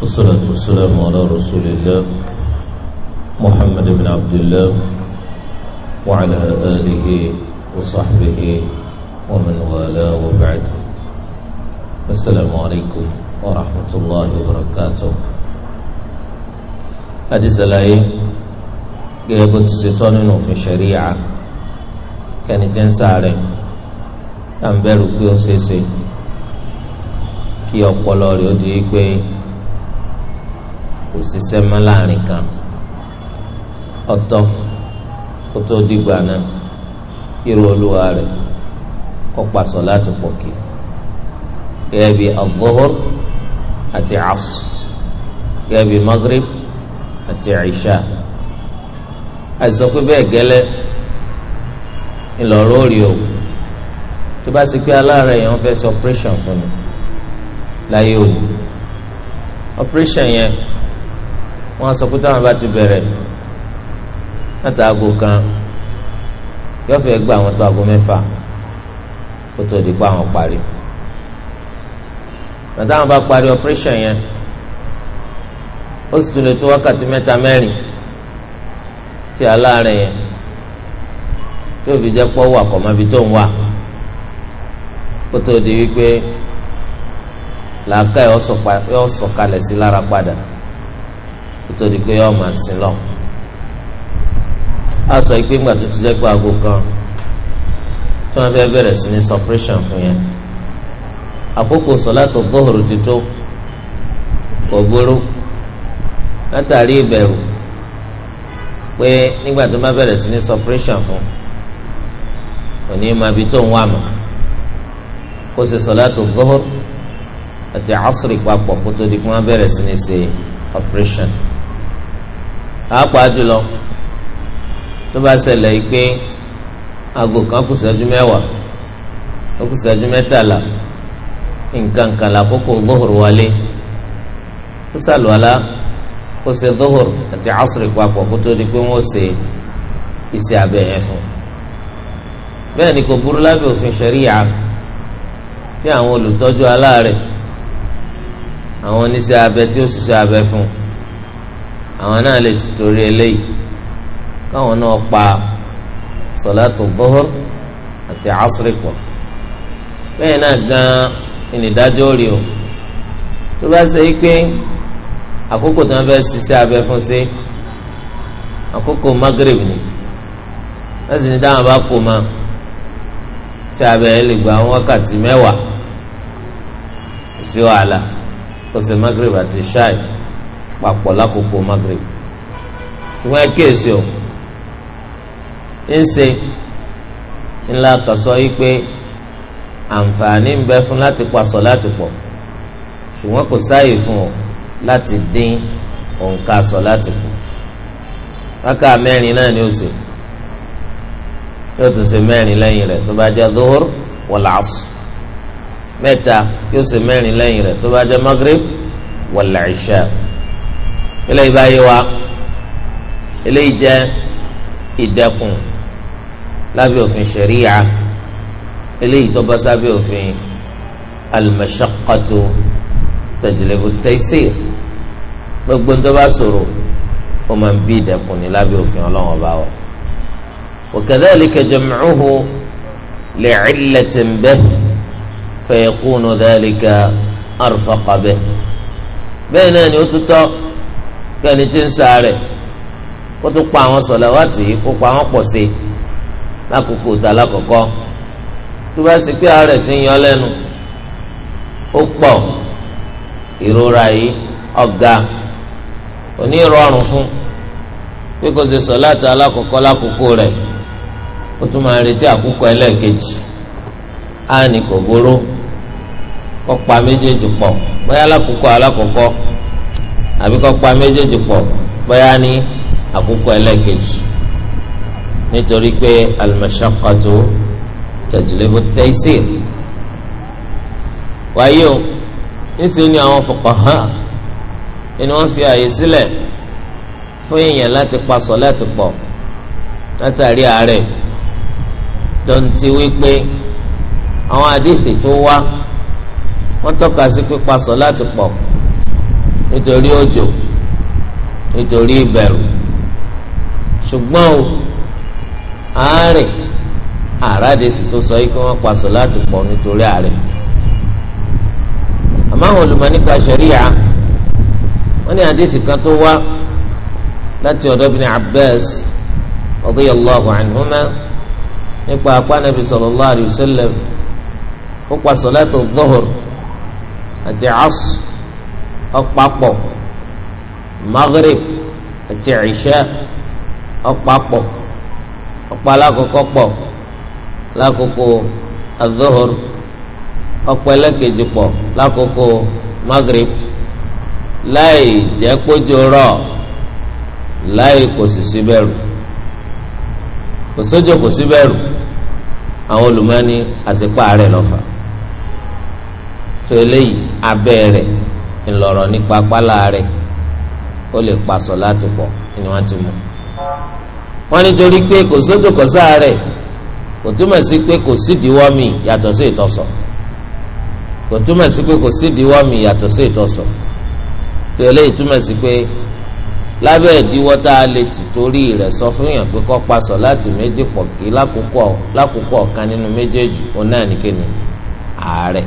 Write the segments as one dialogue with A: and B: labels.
A: والصلاة والسلام على رسول الله محمد بن عبد الله وعلى آله وصحبه ومن والاه وبعد السلام عليكم ورحمة الله وبركاته حديث الآية gẹ́gẹ́ bó ti ṣe tọ́ nínú òfin ṣẹ̀ríyà kẹ́ni tí kí ọpọlọ rẹ̀ ó di pé kò ṣiṣẹ́ mọ́ láàrin kan ọ̀tọ̀ kó tó dìgbà náà irú olúwa rẹ̀ kó pasọ̀ láti pọ̀ kí gẹ́gẹ́ bí al àti Asr gẹ́gẹ́ bí Maghrib àti Isha àìsàn pé bẹ́ẹ̀ gẹ́lẹ́ ńlọrọ́ rí o tó bá sì pé aláàárẹ̀ yẹn wọ́n fẹ́ ṣe operation fún mi láyé òní operation yẹn. Yeah wọ́n sọ pé táwọn bá ti bẹ̀rẹ̀ láti aago kan yóò fẹ́ gba àwọn tó aago mẹ́fà kó tó di pa àwọn parí bàtà àwọn bá parí operation yẹn ó sì tún lè tó wákàtí mẹ́ta mẹ́rin tí aláàárẹ̀ yẹn tí òbí jẹ́ pọ́ wà kọ́ mọ́bi tó ń wà kó tó di wípé làákà yọ sí lára padà nítorí pé yọ ọmọ sí lọ a sọ pé ńgbà tó ti jẹ́ pé aago kan tí wọ́n fẹ́ bẹ̀rẹ̀ sí ní suppression fún yẹn àkókò sọ̀látò gbóhùrù ti tó kò gbóró látàrí ìbẹ̀rù pé nígbà tó má bẹ̀rẹ̀ sí ní suppression fún òní máa bi tó ń wà mọ́ kó ṣe sọ̀látò gbóhùrù àti asri papọ̀ kó tó di pé wọ́n bẹ̀rẹ̀ sí ní ṣe operation pàápàá jùlọ tó bá ṣẹlẹ̀ yìí pé aago kan kù ṣẹ́jú mẹ́wàá ó kù ṣẹ́jú mẹ́tàlá nǹkan kan lákòókò dóhùr wálé ó ṣàlùwàlá kó ṣe dóhùr àti asùrì papọ̀ kó tó di pé wọ́n ṣe iṣẹ́ abẹ yẹn fún bẹ́ẹ̀ ni kò burú lábẹ́ òfin ṣẹ̀ríyà kí àwọn olùtọ́jú aláàrẹ̀ àwọn oníṣẹ́ abẹ tí ó ṣiṣẹ́ abẹ fún un àwọn náà lè tutori eléyìí káwọn náà pa sọlátù bọ́hùr àti asiri bẹ́ẹ̀ náà gan ìnìdájọ́ rí o tó bá ṣe pé àkókò tí wọ́n fẹ́ ṣiṣẹ́ abẹ fún àkókò ni wọ́n sì ní dáhùn bá kó ma ṣe abẹ lè gba wákàtí mẹ́wàá sí wàhálà kó ṣe magreb papọ̀ lákòókò Maghrib ṣùgbọ́n ẹ kíyèsí o ńṣe ńlá kàṣọ yìí pé àǹfààní ń bẹ fún láti paṣọ láti pọ̀ ṣùgbọ́n kò sáàyè fún ọ láti dín òǹkà sọ láti kù rákà mẹ́rin náà ni ó ṣe yóò tún ṣe mẹ́rin lẹ́yìn rẹ̀ tó bá jẹ́ dóhùr wàlàásù mẹ́ta yóò ṣe mẹ́rin lẹ́yìn rẹ̀ tó bá jẹ́ magrib wàlàíṣà eléyìí báyìí wa eléyìí jẹ́ ìdẹ́kùn lábẹ́ òfin ṣẹ̀ríyà eléyìí tó bá sábẹ́ òfin al-mashaqqatu tajlibu at-taysir gbogbo tó bá ṣòro ó máa ń bí ìdẹ́kùn ní lábẹ́ òfin ọlọ́wọ́n bá wọ̀ wa kadhalika jam'uhu li'illatin bihi fayakunu dhalika arfaqa bihi bẹ́ẹ̀ náà ni ó tún tọ́ kí ẹni tí ń sa rẹ̀ kó tó pa àwọn sọ̀làwátì yìí kó pa àwọn pọ̀ sí i lákòókò tà lákòókò tó bá sì pé àárẹ̀ ti ń yọ lẹ́nu ó pọ̀ ìrora yìí ọ̀gá òní rọrùn fún pé kó ṣe sọ̀láàtì alákòókò lákòókò rẹ̀ ó tún máa retí àkókò ẹlẹ́ẹ̀kejì á ní kò gbóró kó pa méjèèjì pọ̀ bóyá lákòókò alákòókò àbí kọ́ pa méjèèjì pọ̀ bóyá ní àkókò ẹlẹ́ẹ̀kejì nítorí pé al-mashaqqatu tajlibu at-taysir wáyé o níṣẹ́ ni àwọn fuqaha ni wọ́n fi àyè sílẹ̀ fún èèyàn láti pa sọ̀láàtì pọ̀ látàrí àárẹ̀ dọ̀ǹtì wípé àwọn àdéhìí tó wá wọ́n tọ́ka sí pípa sọ̀láàtì pọ̀ nítorí òjò nítorí ìbẹ̀rù ṣùgbọ́n o àárẹ̀ àràdé ti tó sọ yìí kí wọ́n paṣọ láti pọ̀ nítorí àárẹ̀ àmọ́ àwọn olùmọ̀ nípa ṣẹ̀ríyà wọ́n ní àdéhìí kan tó wá láti ọ̀dọ̀ Ibn Abbas radiyallahu anhuma nípa apá nàbì sallallahu alayhi sallam ó paṣọ láti dhuhr àti asr ọ̀pápọ̀ maghrib àti ìṣá ọ̀pápọ̀ ọ̀pá alákọ̀ọ́kọ́ pọ̀ lákòókò adóhor ọ̀pá ẹlẹ́kejì pọ̀ lákòókò maghrib láì jẹ́ kójú rọ̀ láì kò sì síbẹ̀rù kò sójò kò síbẹ̀rù àwọn olùmọ́ni àsìkò ààrẹ lọ́fà tó eléyìí abẹ́ rẹ̀ ńlọrọ nípa pálá rẹ̀ ó lè pa sọ̀láàtì pọ̀ ni wọ́n ti mú wọ́n nítorí pé kò sódò kò sáàrẹ̀ kò túmọ̀ sí pé kò sídìíwọ́ mi yàtọ̀ sí ìtọ̀sọ̀ kò túmọ̀ sí pé kò sídìíwọ́ mi yàtọ̀ sí ìtọ̀sọ̀ tó eléyìí túmọ̀ sí pé lábẹ́ ìdíwọ́ tá a lè tì torí rẹ̀ sọ fún yàn pé kó pa sọ̀láàtì méjì pọ̀ kí lákòókò ọ̀kan nínú méjèèjì òun náà nìkéni àárẹ̀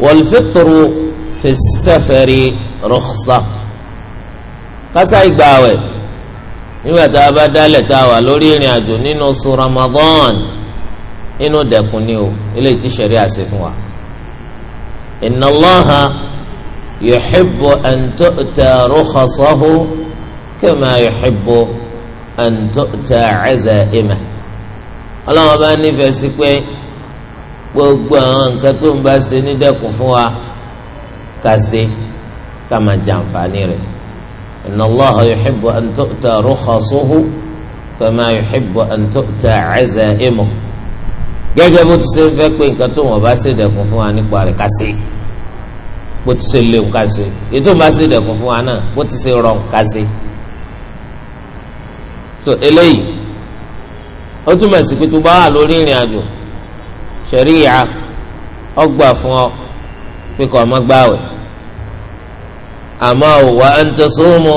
A: wọlfitru fi sẹfẹri rọksa kásá ìgbàwẹ̀ nígbà tá a bá dálẹ̀ tá a wà lórí ìrìn àjò nínú oṣù Ramadan inú dẹ̀kun ni o eléyìí tí sẹ̀rí àṣẹ fún wa inna Allaha yuhibbu an tu'ta rukhsahu kama yuhibbu an tu'ta azaimahu ọlọ́run bá nífẹ̀ẹ́ sí pé gbogbo àwọn nǹkan tó ń bá ṣe nídẹ̀kùn fún wa ká ṣe ká máa jàǹfààní rẹ̀ inna Allaha yuhibbu an tu'ta rukhasuhu kama yuhibbu an tu'ta azaimuhu gẹ́gẹ́ bó ti ṣe fẹ́ pé nǹkan tó wọ́n bá ṣe dẹ̀kùn fún wa nípa rẹ̀ ká ṣe bó ti ṣe léwu ká ṣe ètò bá ṣe dẹ̀kùn fún wa náà bó ti ṣe rọrùn ká ṣe. eléyìí ó túmọ̀ sí pé tó bá wà lórí ìrìn àjò ṣẹ̀ríyà ọgbà fún ọ pé kọ́ ọmọ gbààwẹ̀ àmọ́ wa an tasumu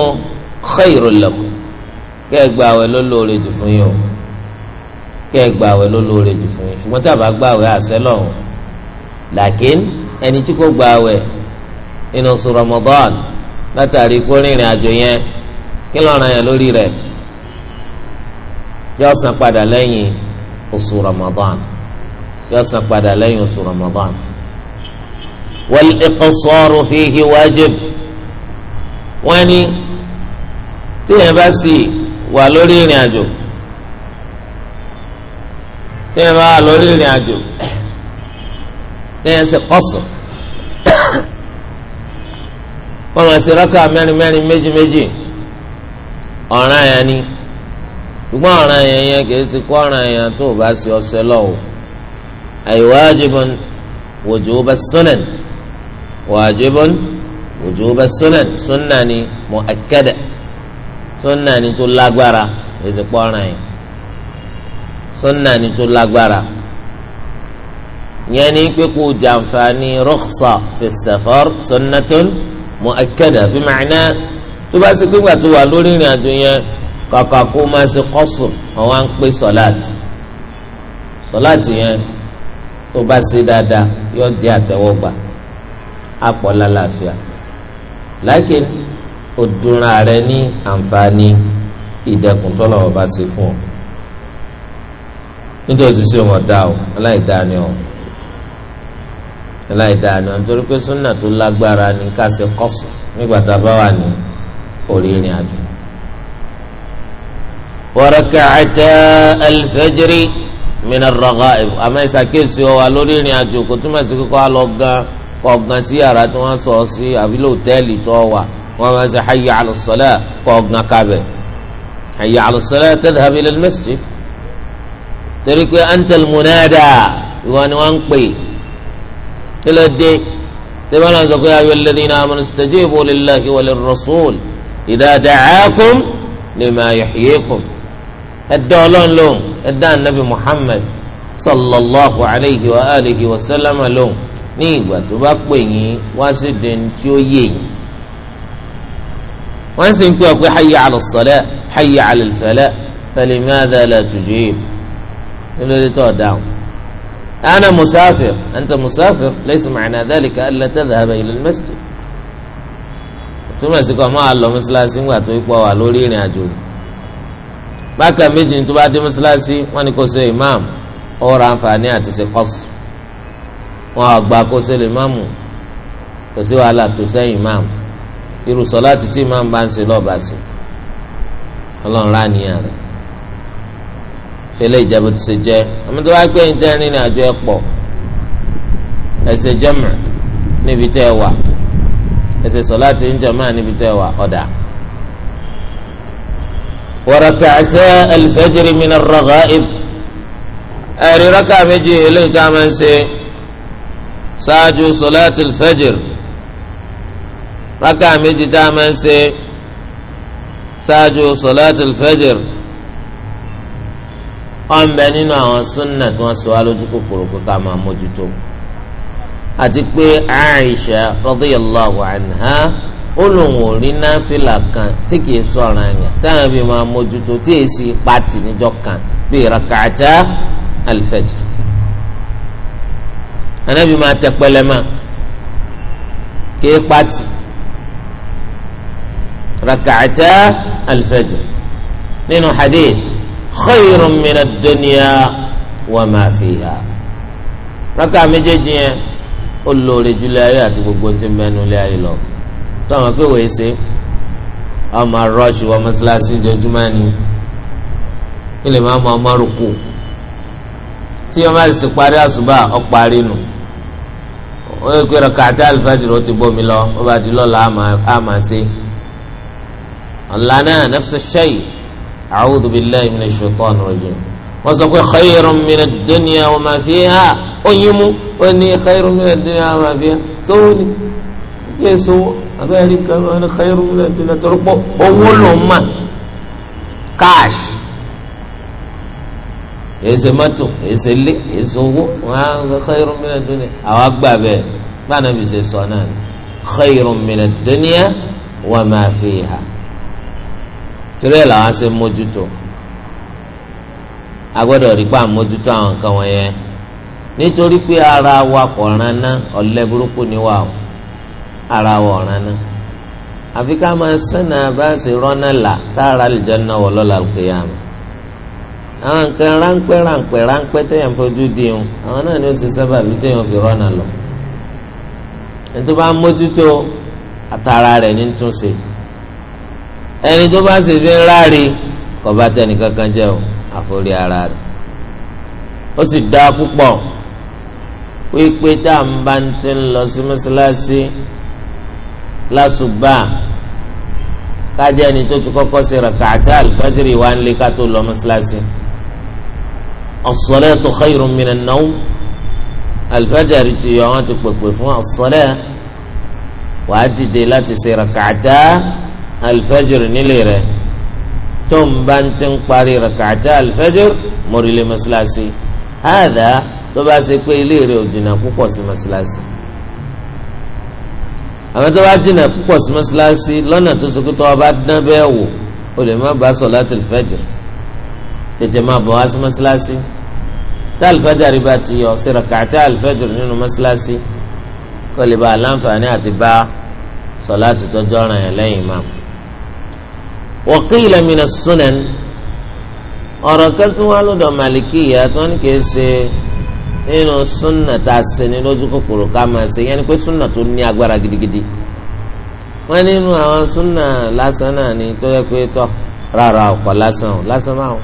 A: khairul lakum kẹ́ ẹ gbààwẹ̀ ló lóore jù fún yín o kẹ́ ẹ gbààwẹ̀ ló lóore jù fún yín ṣùgbọ́n tí a bá gbààwẹ̀ àṣẹ lọ́hùn làkín ẹni tí kò gbààwẹ̀ nínú oṣù Ramadan látàrí kó rìnrìn àjò yẹn kí lọ́ràn yẹn lórí rẹ̀ yóò padà lẹ́yìn oṣù Ramadan yóò san padà lẹ́yìn oṣù Ramadan wal iqsaru fihi wajib wọ́n ní téèyàn bá sì wà lórí ìrìn àjò téèyàn bá wà lórí ìrìn àjò téèyàn sì kọ́sọ̀ wọ́n lọ sí rákà mẹ́rin mẹ́rin méjì méjì ọ̀ràn yẹn ni ṣùgbọ́n ọ̀ràn yẹn yẹn kì í ti kọ́ ọ̀ràn yẹn tó o bá ṣe ọ̀sẹ̀ lọ́wọ́ أي واجب وجوب السنن واجب وجوب السنن سنة مؤكدة سنة تلاقبرة إذا قرنا سنة تلاقبرة يعني كيكو جانفاني رخصة في السفر سنة مؤكدة بمعنى تباسي كيكو توالولين يا دنيا kàkà kó máa ṣe kọ́sùn àwọn à ń pè sọ́láàtì sọ́láàtì yẹn tó bá ṣe dáadáa yóò jẹ́ àtẹ́wọ́gbà àpọ̀ lálàáfíà lákìn òdùnrà rẹ ní àǹfààní ìdẹ̀kùn tọ́lọ̀ ọba ṣe fún ọ nítorí òṣìṣẹ́ wọn dá o aláìdáa ni ọ aláìdáa ni ọ nítorí pé súnà tó lágbára ní ká ṣe kọ́sù nígbà tá a bá wà ní orí ìrìn àjò. wa rak'ata al-fajri. minar raghaib àmọ́ ìsàkéèsì ọwà lórí ìrìn àjò kò túmọ̀ sí kíkọ́ àlọ́ gan kọ̀ọ̀gan sí yàrá tí wọ́n sọ sí àbí lóòtẹ́ẹ̀lì tó wà wọ́n máa ń sọ hayya ala salat kọ̀ọ̀gan kábẹ̀ hayya ala salat tadhhab ila al masjid torí pé antal munada ìwọ ni wọ́n ń pè kí ló dé tẹ́lẹ̀ náà sọ pé ayọ̀ alladhina amanu istajibu lillahi wa lirrasul idha da'akum lima yuhyikum ẹ̀dá ọlọ́run lóhùn ẹ̀dá anabi muhammed sallallahu alayhi wa alihi wa sallam lóhùn ní ìgbà tó bá pè yín wá sí den tí ó yé yín wọ́n sì ń pè ọ́ pé hayya ala salat hayya ala falah falimadha la tujib nílòdì tó dáhùn. ana musafir anta musafir laysa ma'na dhalika alla tadhhaba ila al-masjid túmọ̀ sí kọ́ máa lọ mọ́sálásí ńgbà tó ń pọ̀ wà lórí ìrìn àjò yìí. bákan méjì ní tó bá dé mọ́sálásí wọ́n ní kó ṣe imam ọ̀rọ̀ àǹfààní àti ṣe kọ́sù wọn àgbà kó ṣe lè máàmù kò sí wàhálà tó sẹ́yìn máàmù irú sọ̀láàtì tí máàmù bá ń ṣe lọ́ọ̀bà sí ọlọ́run rà níyàn rẹ̀ fẹlẹ́ ìjẹ́bù ti ṣe jẹ́ àmì tó bá pé ẹ̀yin tẹ́ rìn àjọ ẹ̀ pọ̀ ẹ̀sẹ̀ jẹ́mù níbi tẹ́ wà ẹ̀sẹ̀ sọ̀láàtì ń jẹ́mù níbi tẹ́ wà ọ̀dà warakata alfajiri mina ragaib ẹ̀rí raka méjì eléyìí tá a máa ń ṣe ṣáájú sọláàtì alfajir raka méjì tá a máa ń ṣe ṣáájú sọláàtì alfajir ọ̀n bẹ nínú àwọn súnnà tí wọ́n sọ wá lójú kòkòrò pé ká máa mójútó àti pé Aisha radiyallahu anha ó lòun ò rí náfìlà kan tí kìí sọ ọ̀ràn àyàn táwọn bí máa mójútó tí èsì pàtì níjọ́ kan bíi rakata alifajr anabi máa tẹ pẹlẹmà kìí pàtì rakata alifajr nínú hadith khayrun min ad-dunya wa ma fiha raka méjèèjì yẹn ó lóore ayé àti gbogbo tí ń lé ayé lọ sọ̀rọ̀ pé wòye ṣe ọmọ rush wọ mọ́ṣáláṣí ojoojúmọ́ ni kí lè máa mọ ọmọ rúkú tí ọmọ àti ti parí àṣùbà ọparí nù ó yẹ kó rakata alifajiri ó ti bómi lọ ó bá di lọ́la àmà ṣe ọ̀lànà nafsa shayi a'udhu billahi minash shaitani rajim wọ́n sọ pé khayrun minad dunya wa ma fiha ó yín mú ó ní khayrun minad dunya wa ma fiha sóòní tí èso abẹ́rẹ́ nìkan ẹni xẹ́rù ẹ̀dínlẹ̀ torí pọ̀ owó ló ń mà cash èsè mọ́tò èsè lé èsè owó wọn xẹ́rù mílẹ̀ dúnìá àwọn agbá bẹ́ẹ̀ gbàànà bí ṣe sọ náà xẹ́rù mílẹ̀ dúnìá wọ́n máa fi hà torí ẹ̀ làwọn ṣe mójútó agbọ́dọ̀ rí pa àmójútó àwọn nǹkan wọ̀nyẹn nítorí pé ara wa kò rán ná ni wà o ara wọ̀ ọ̀ràn náà àfi ká máa sẹ́nà bá a sì rọ́nà là tá a ra àlùjánnà wọ̀ lọ́la al-qiyama àwọn nǹkan ráńpẹ́ ráńpẹ́ ráńpẹ́ téèyàn fojú dìhun àwọn náà ni ó sì sábà bí téèyàn fi rọ́nà lọ ẹni tó bá mójútó àtàrà rẹ̀ ní túnṣe ẹni tó bá sì fi ń ráre kò bá tẹnì kankan jẹ́ o àforí ara rẹ̀ ó sì dáa púpọ̀ wípé tá à ń bá ti lọ sí mọ́ṣáláṣí lásùbà kájẹ ẹni tó ti kọ́kọ́ ṣe rak'ata alifajiri wa ń lé ká tó lọ mọ́ṣáláṣí as-salatu khayrun minan nawm alifajiri ti yọ wọn ti pèpè fún as-salat wàá dìde láti ṣe rak'ata alifajiri nílé rẹ̀ tó ń bá ń ti ń parí rak'ata alifajiri mọ̀rìlẹ̀ mọ́ṣáláṣí hàdà tó bá ṣe pé ilé rẹ̀ ò jìnnà púpọ̀ sí mọ́ṣáláṣí àwọn tó bá jìnnà púpọ̀ sí mọ́ṣáláṣí lọ́nà tó so kótó ọba dán bẹ́ẹ̀ wò o lè má bá sọ̀látul fajr tètè máa bọ̀ wá sí mọ́ṣáláṣí tá al-fajr rí bá ti yọ ṣe rak'ata al nínú mọ́ṣáláṣí kó lè bá aláǹfààní àti bá sọ̀láàtì tọ́jú ọ̀ràn yẹn lẹ́yìn imam. wa qila mina sunan ọ̀rọ̀ kan tún lọ́dọ̀ màlìkì yìí àtúwọ́n ní kì í ṣe nínú súnà tá a ṣe ní lójú kòkòrò ká máa ṣe yẹn ni pé súnà tó ní agbára gidigidi wọn nínú àwọn súnà lásán náà ni tó yẹ pé tọ rárá ọkọ lásán o lásán máa o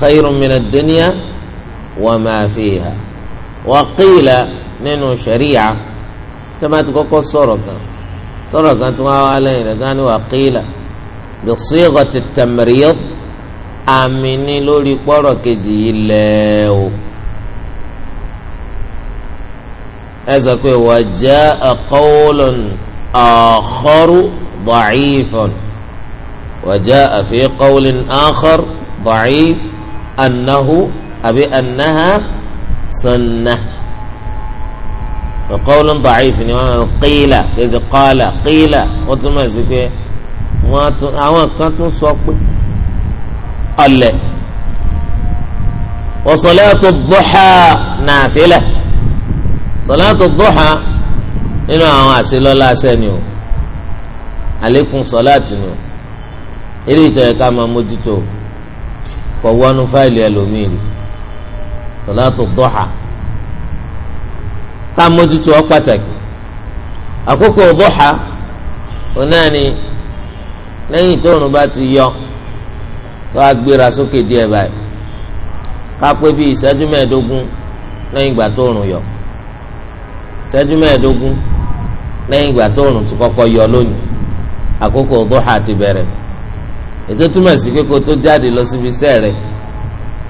A: khayrun mina dunya wa ma fiha wa qila nínú sharia tó bá ti kọ́kọ́ sọ̀rọ̀ kan tó wá wá lẹ́yìn rẹ̀ gán ni wa qila bi sighati at-tamrid àmì ní lórí pọ́rọ̀ kejì yìí lẹ́ẹ̀ o. ẹ sọ pé wajaa qawlun akharu da'ifun wajaa fi qawlin akhar da'if annahu àbí anaha sanna. qawlun da'if ni wọn qila kìí qala qila ó túmọ̀ sí pé wọn tún àwọn kan tún sọ pé ọlẹ wa salatu duha nafila. sọláàtò dọ́ha nínú àwọn àṣelọ́lá sẹ́ni o àlékún sọláàtì ni o eré ìtọ́jú ká máa mójútó kọ̀ wọnú fáìlì ẹlòmíì rí sọláàtò dọ́ha ká mójútó ọ pàtàkì àkókò dọ́ha onáà ni lẹ́yìn tóòrùn bá ti yọ tó a gbéra sókè díẹ̀ báyìí ká pé bíi ìṣẹ́jú mẹ́ẹ̀ẹ́dógún lẹ́yìn ìgbà tóòrùn yọ. ṣẹ́jú mẹ́ẹ̀ẹ́dógún lẹ́yìn ìgbà tó oòrùn ti kọ́kọ́ yọ lónìí àkókò dọ́hà ti bẹ̀rẹ̀ ètò túmọ̀ sí pé tó jáde lọ síbi iṣẹ́ rẹ̀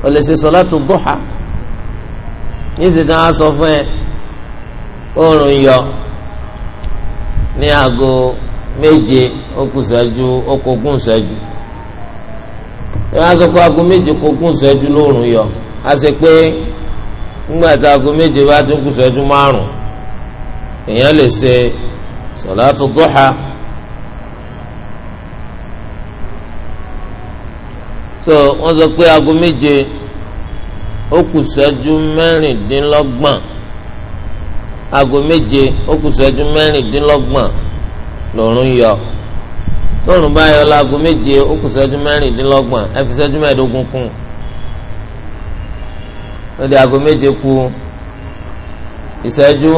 A: o lè ṣe sọ̀látù dọ́hà níṣẹ́ tí wọ́n sọ fún ẹ yọ ní aago méje méje lóòrùn yọ a pé méje bá tún èèyàn lè ṣe sọ̀látù dúhà so wọ́n sọ pé aago méje ó kù ṣẹ́jú mẹ́rìndínlọ́gbọ̀n aago méje ó kù ṣẹ́jú mẹ́rìndínlọ́gbọ̀n lòrùn yọ tóòrùn bá yọ láago méje ó kù ṣẹ́jú mẹ́rìndínlọ́gbọ̀n ẹ fi ṣẹ́jú mẹ́ẹ̀ẹ́dógún kún lóde aago méje kù ìṣẹ́jú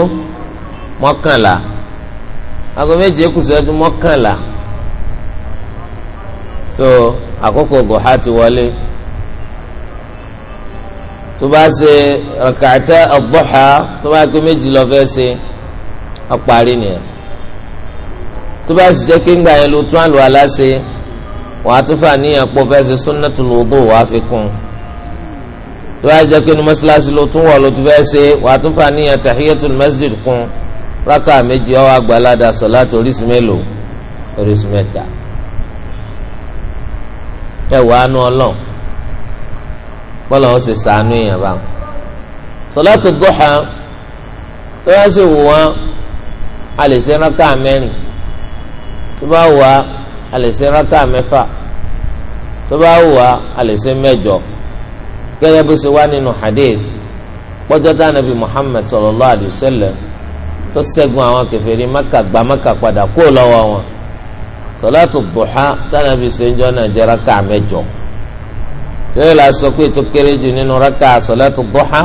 A: mọ́kànlá aago méje kù ìṣẹ́jú mọ́kànlá so àkókò duha ti wọlé tó bá ṣe rakata ad-duha tó bá pé méjì lọ fẹ́ ṣe ọparí nìyẹn tó bá sì jẹ́ pé ńgbà yẹn ló tún àlọ́ aláṣẹ wàá tún fà níyàn pọ̀ fẹ́ ṣe sunnatul wudu wàá fi kún tó bá jẹ́ pé ní mọ́ṣáláṣí ló tún wọ̀ ló tún fẹ́ ṣe wàá tún fà níyàn tahiyatul masjid kún rákà méjì ó wá gba ládàá sọ̀láàtì oríṣi mélòó oríṣi mẹ́ta ẹwàá nu ọlọ́n bọ́lá wọn sì sànú èèyàn báwọn sọ̀láàtì dúhà tó yá sí wù wọn a lè ṣe rákà mẹ́rin tó bá wù wá a lè ṣe rákà mẹ́fà tó bá wù wá a lè ṣe mẹ́jọ gẹ́gẹ́ bó ṣe wá nínú hadith pọ́jọ́tà nàbì Muhammad sallallahu alayhi wa tó ṣẹ́gun àwọn kèfèrí maka gba maka padà kó lọ́wọ́ wọn sọláàtù duha tánàbí sẹ́njọ́ náà jẹ́ raka mẹ́jọ tẹ́lẹ̀ la sọ pé tó kéré jù nínú raka sọláàtù duha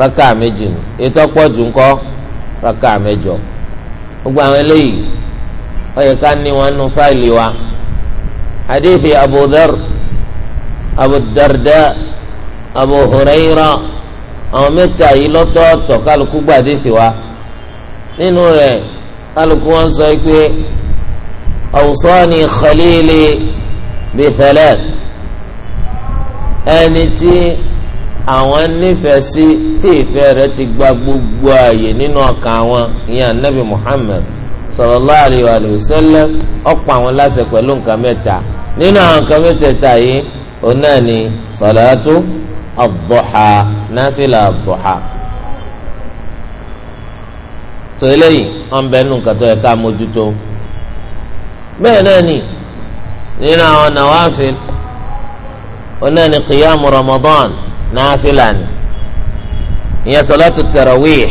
A: raka méjì ni ètò ọ̀pọ̀ jù ńkọ́ raka mẹ́jọ gbogbo àwọn eléyìí ó yẹ ká ní wọn nú fáìlì wa hadithi abu dhar abu darda abu hurayra àwọn mẹ́ta yìí lọ́tọ̀ọ̀tọ̀ kálukú gbàdé tiwa nínú rẹ̀ kálukú wọn sọ pé awsani khalili bi thalath ẹni tí àwọn nífẹ̀ẹ́ sí tí ìfẹ́ rẹ̀ ti gba gbogbo ààyè nínú ọkàn wọn ìyẹn anabi Muhammad sallallahu alayhi wa alayhi wa sallam ọ̀pọ̀ àwọn láṣẹ pẹ̀lú nǹkan mẹ́ta nínú àwọn nǹkan mẹ́tẹ̀ẹ̀ta yìí òun ni salatu ad náfìlà ad sọ eléyìí wọn bẹ nù kàtọ́ yẹ ká mójútó bẹ́ẹ̀ náà ni nínú àwọn nàwáfíl onáni kìyàmù Ramadan náfìlàní ìyẹn sọlátù tarawih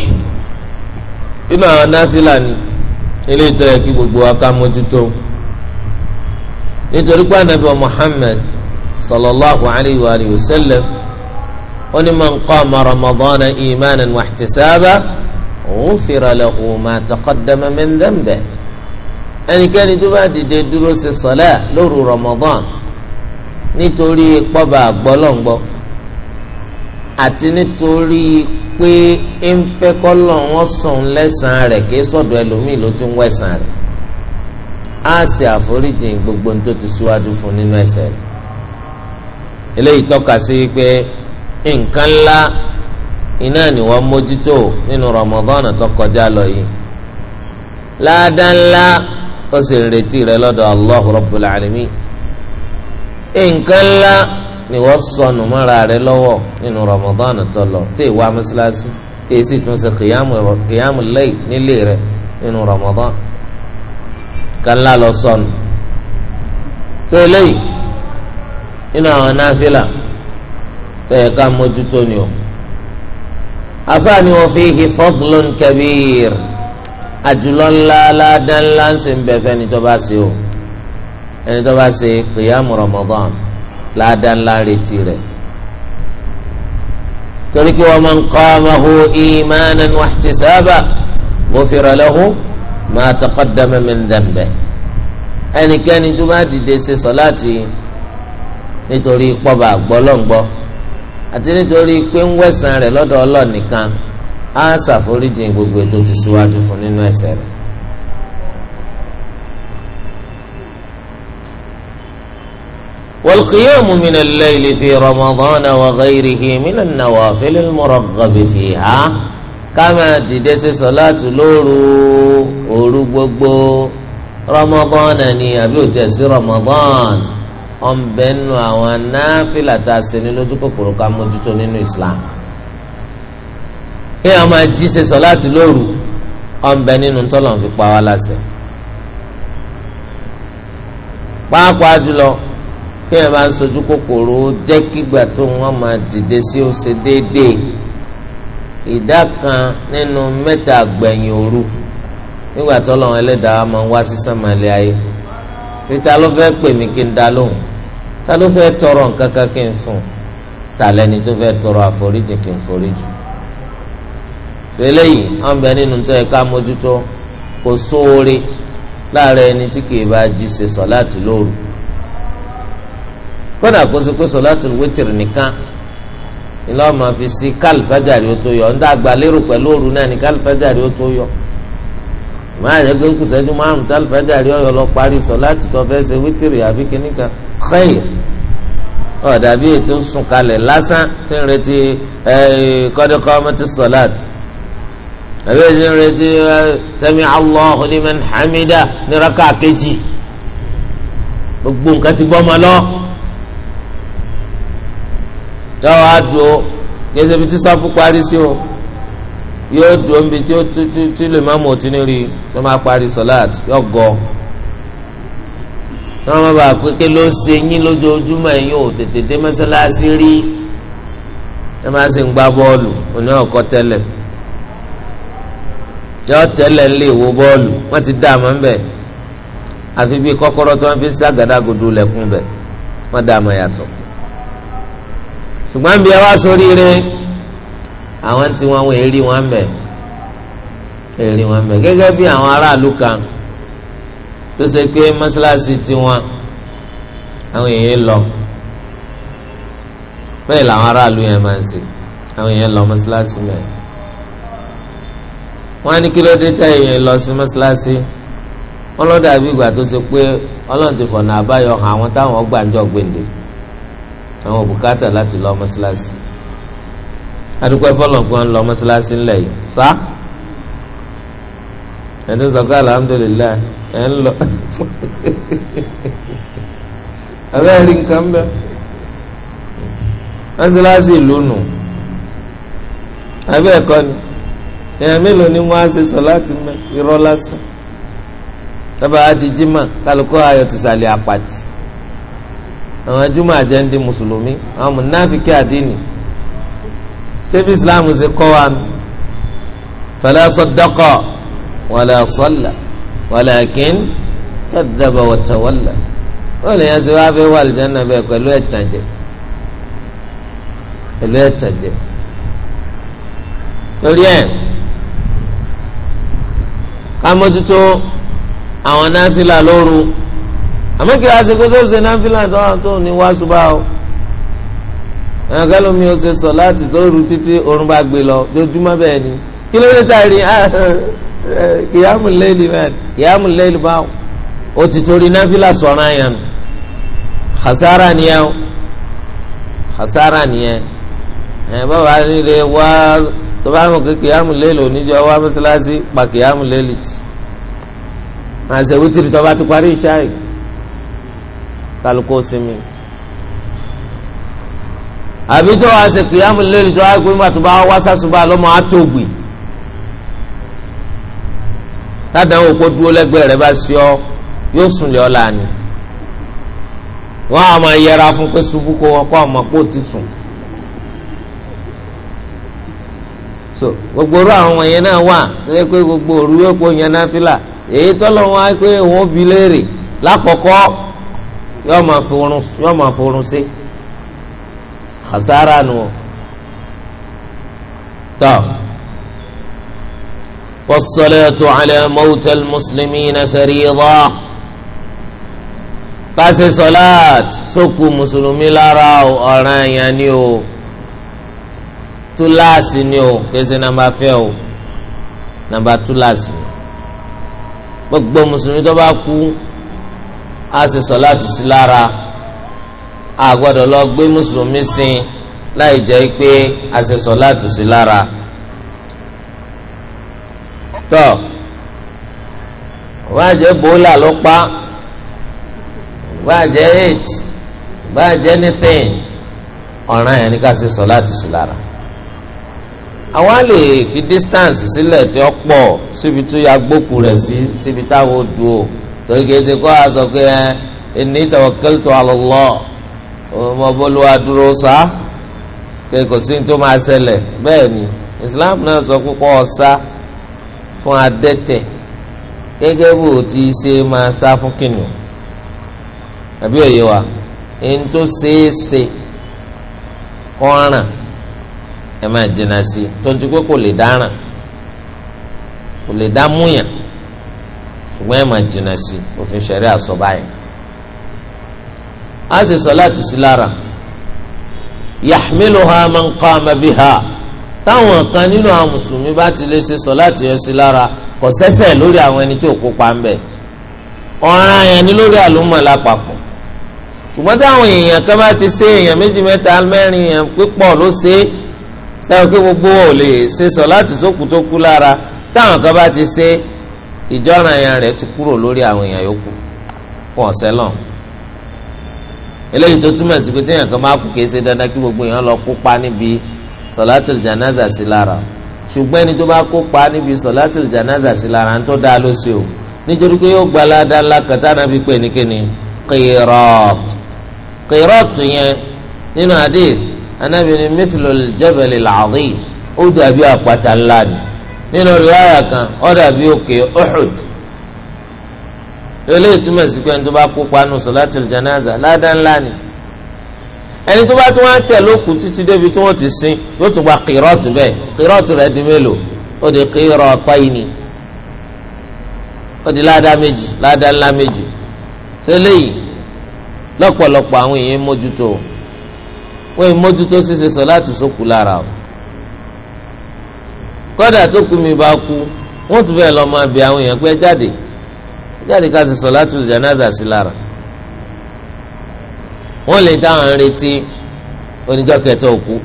A: nínú àwọn náfìlàní ilé ìtọ́ yẹ kí gbogbo wa ká mójútó nítorí pé anabi Muhammad sallallahu alayhi wa sallam ó ní man Ramadan imanan wahtisaban ghufira lahu ma taqaddama min dhanbihi ẹnikẹ́ni tó bá dìde dúró ṣe sọ́lá lóru Ramadan nítorí pọ́ba àgbọ́lọ́ngbọ́ àti nítorí pé ń fẹ́ kọ́lọ̀ wọn sàn lẹ́sàn-án rẹ̀ kí sọ̀dọ̀ ẹlòmíì ló ti ń wẹ̀sàn rẹ̀ á ṣe àforíjì gbogbo ní tó ti síwájú fún nínú ẹ̀ṣẹ̀ rẹ̀ eléyìí tọ́ka sí pé nǹkan ńlá iná ni wọ́n mójútó nínú Ramadan tó kọjá lọ yìí láàdá ńlá ó sì ń retí rẹ lọ́dọ̀ Allah Rabbul Alamin nǹkan ńlá ni wọ́n sọnù mọ́ra rẹ lọ́wọ́ nínú Ramadan tó lọ tí ìwà mọ́sálásí kì sì tún ṣe kìyàmù lẹ́yìn nílé rẹ nínú Ramadan kanla lọ sọnù tó eléyìí nínú àwọn náfìlà tó yẹ ká mójútó ni o afaani wa fihi fadlun kabir àjùlọ ńlá ládá ńlá ń sìn bẹ fẹni tó bá ṣe o ẹni tó bá ṣe kìyàmù ramadan ládá ńlá retí rẹ̀ torí kí wa man qamahu imanan wa ihtisaban ghufira lahu ma taqaddama min dhanbihi ẹnikẹ́ni tó bá dìde ṣe sọ́láàtì nítorí pọ́ba gbọ́lọ́ngbọ́ àti nítorí pé ń wẹ̀sán rẹ̀ lọ́dọ̀ Ọlọ́run nìkan á ṣàforíjìn gbogbo ètò ti síwájú fún nínú ẹ̀ṣẹ̀ rẹ̀. والقيام من الليل في رمضان وغيره من النوافل المرغب فيها kama dìde sí sọláàtù lóru òru gbogbo rọmọdán ni àbí òtí ẹsí rọmọdán ọ̀nbẹ nù àwọn anáfìlà tá a ṣe ní lójú kòkòrò ká mójútó nínú Islam kí àwọn máa jí ṣe sọ láti lóru ọ̀nbẹ nínú tọ́lọ̀ fi pa wá láṣẹ pàápàá jùlọ kí ẹ máa ń sojú kòkòrò jẹ́ kígbà tó wọ́n máa dìde sí ó ṣe déédéé ìdá kan nínú mẹ́ta gbẹ̀yìn òru nígbà tó lọ́wọ́ ẹlẹ́dàá máa ń wá sí sàmàlẹ́ ayé títa ló fẹ́ pè mí kí n dá lóhùn ta ló fẹ́ tọrọ nǹkan kan kí n ta lẹni tó fẹ́ tọrọ àforíjì kí n foríjì eléyìí wọn bẹ nínú tó yẹ ká mójútó kò sóore láàárọ̀ ẹni tí kì í bá jí ṣe sọ̀láàtì lóru kódà kó so pé sọ̀láàtì wítìrì nìkan ni lọ́ọ́ máa fi sí tó yọ máa yẹ kó kù sẹ́jú márùn tá alùpàdé àrí ọ̀yọ́ lọ parí sọ láti tọ́ fẹ́ ṣe wítìrì àbí kíní kan xẹ́yìn ọ̀dà bí ètò sùn kalẹ̀ lásán tí ń retí kọ́dọ̀kọ́ mọ́tò àbí ètò ń retí sami Allahu liman hamida ní rákà kejì gbogbo nǹkan ti bọ́ ọmọ lọ tọ́wọ́ á dùn ó kí ẹsẹ̀ bí tí sọ́ọ̀bù parí sí o yóò dùn ọ́n bí tí ó tútú tí lè má mú ọtí ní rí tó máa parí sọ́láàtì yóò gọ́ wọ́n máa bá pé ló ṣe yín lójoojúmọ́ ẹ̀yin ò tètè dé mọ́sálásí rí ẹ máa ṣe ń gbá bọ́ọ̀lù òní ọ̀kọ́ tẹ́lẹ̀ yọ tẹ́lẹ̀ ń lè wo bọ́ọ̀lù wọ́n ti dá àmọ́ ńbẹ̀ àfi bíi kọ́kọ́rọ́ tí wọ́n fi ń ṣàgádágodo lẹ́kùn bẹ̀ wọ́n dá àmọ́ yàtọ̀ ṣùgbọ́n bí ẹ wá sóríire. àwọn tí wọn wọn èrí wọn mẹ èrí wọn mẹ gẹ́gẹ́ bí àwọn aráàlú kan tó ṣe pé mọ́ṣáláṣí tiwọn àwọn èèyàn lọ bẹ́ẹ̀ làwọn aráàlú yẹn máa ń ṣe àwọn èèyàn lọ mọ́ṣáláṣí mẹ wọn á ní kí ló dé tẹ èèyàn lọ sí mọ́ṣáláṣí wọn lọ dàbí ìgbà tó ṣe pé Ọlọ́run ti fọ̀nà àbáyọ àwọn táwọn àwọn òbúkátà adúgbò ẹfọlọ́gbọ́n ń lọ mọ́ṣáláṣí ńlẹ̀ yìí sá ẹ̀dùn sọ̀kọ́ alhamdulilayi ẹ̀ ń lọ abẹ́rẹ́ rí nǹkan bẹ́ẹ̀ mọ́ṣáláṣí ìlú nù abẹ́ ẹ̀kọ́ ni èèyàn mélòó ni wọ́n á ṣe sọ láti mẹ́ irọ́ lásán lọ́ba adijima kálukú ayọ̀ tìsàlẹ̀ àpàtì àwọn jùmọ̀ àjẹ́ ń di mùsùlùmí àwọn mùnáfíkì àdínì ṣebí islam ṣe kọ́ wa mi fala saddaqa wala salla walakin kadhaba wa tawalla wọ́n lè yẹn ṣe wá fẹ́ wà lìjánná bẹ́ẹ̀ pẹ̀lú ẹ̀tànjẹ pẹ̀lú ẹ̀tànjẹ torí ẹ̀ ká mójútó àwọn náfìlà lóru àmọ́ kí wá sí pé tó ṣe náfìlà tó ní wá ṣùgbọ́n àwọn kálómi ó ṣe sọ láti tó rú títí oorun bá gbé lọ lójúmọ́ bẹ́ẹ̀ ni kí ló dé tàrí kìyàmù lẹ́lì bẹ́ẹ̀ kìyàmù lẹ́lì báwò ó ti torí náfìlà sọ̀rọ̀ àyàn hasara nìyẹn hasara nìyẹn ẹ̀ bàbá nílé wá tó bá mọ̀ pé kìyàmù lẹ́lì oníjọ wá mọ́ṣáláṣí pa kìyàmù lẹ́lì tì màá ṣe wítìrì tó bá ti parí ìṣáì kálukó sinmi àbí tó wàá ṣe kìyàmù lórí tó wàá gbé màtó bá wá sásùbà lọ́mọ àtògbè ládàá òkò dúró lẹ́gbẹ̀ẹ́ rẹ̀ bá sí ọ yóò sùn lé ọ lánìí wọn àwọn máa yẹra fún pé ṣubú kó wọn kó àwọn kó ti sùn so gbogbo òru àwọn yẹn náà wà ṣe pé gbogbo òru yóò kó yẹn náà fìlà èyí tọ́lọ̀ wọn á pé wọn ó bi léèrè lákọ̀ọ́kọ́ yóò máa forun sí khasara nu o tọ wassalatu ala mawtal muslimina fariida kásì sọláàt sókù mùsùlùmí lára ọ̀ràn èèyàn ni o túláàsì ni o kèsì nàmbà fẹ́ o nàmbà túláàsì ni gbogbo mùsùlùmí tó bá kú á sì sọláàt sí lára a gbọ́dọ̀ lọ gbé mùsùlùmí sin láì jẹ́ pé àṣẹsọ láti sí lára tọ́ wájẹ́ bólà ló pa wájẹ́ eight wájẹ́ anything ọ̀ràn yẹn ní ká ṣe sọ láti sí lára àwọn á lè fi distance sílẹ̀ tí ó pọ̀ síbi tó ya gbókù rẹ̀ sí síbi táwọn ò dúró torí kejì kó a sọ pé ẹ inni tawakkaltu ala Allah ọmọ bọ́lúwa dúró sá pé kò sí tó máa ṣẹlẹ̀ bẹ́ẹ̀ ni Islam náà sọ púpọ̀ ọ̀sá fún adẹ́tẹ̀ gẹ́gẹ́ bó ti ṣe máa sá fún kìnìún àbí òye wa ẹni tó ṣeé ṣe kọ́ràn ẹ máa jìnnà sí i tó ń ti pé kò lè dáràn kò lè dá múyàn ṣùgbọ́n ẹ máa jìnnà sí i òfin ṣẹ̀rí àsọ báyìí á ṣe sọláàtì sí lára yahmiluha man qama biha táwọn kan nínú àwọn mùsùlùmí bá ti lè ṣe sọláàtì yẹn sí lára kò sẹ́sẹ̀ lórí àwọn ẹni tí ò kópa ń bẹ̀ ọ̀ràn yẹn ni lórí àlùmọ̀ lápapọ̀ ṣùgbọ́n táwọn èèyàn kan bá ti ṣe èèyàn méjì mẹ́ta mẹ́rin èèyàn pípọ̀ ló ṣe é sẹ́wọ́n pé gbogbo ò lè ṣe sọláàtì sókù tó kú lára táwọn kan bá ti ṣe ìjọ́ràn yẹn rẹ̀ ti kúrò lórí àwọn èèyàn yòókù pọ̀ sẹ́lọ̀n eléyìí tó túmọ̀ sí pé téèyàn kan máa kú kìí ṣe dandan kí gbogbo èèyàn lọ kópa níbi sọlátìlì jànáza sí lára ṣùgbọ́n ẹni tó bá kópa níbi sọlátìlì jànáza sí lára ń tó dáa ló ṣe o nítorí pé yóò gba aládá ńlá kàtá náà fi pè nìkéni qirot qirot yẹn nínú hadith anábìrin mithlul jabali làdí ó dàbí àpáta ńlá ni nínú riwaya kan ó dàbí òkè Uhud eléyìí túmọ̀ sí pé ẹni tó bá kópa nù sọ̀látìl janaza ládàá ńlá ni ẹni tó bá tún wá tẹ̀ lókùn títí débi tí wọ́n ti sin yóò tún gba kírọ́ọ̀tù bẹ́ẹ̀ kírọ́ọ̀tù rẹ̀ di mélòó ó di kírọ́ọ̀tàyìnì ó di ládàá méjì ládàá ńlá méjì ṣé léyìí lọ́pọ̀lọpọ̀ àwọn èèyàn mójútó wọ́n èèyàn mójútó ṣíṣe sọ láti sókù lára o kọ́dà tó kú mi bá kú wọ́n tún fẹ́ lọ́ọ́ jáde ká sọ sọ̀látùl jánásà sí lára wọ́n lè táwọn retí oníjọ́ kẹta òkú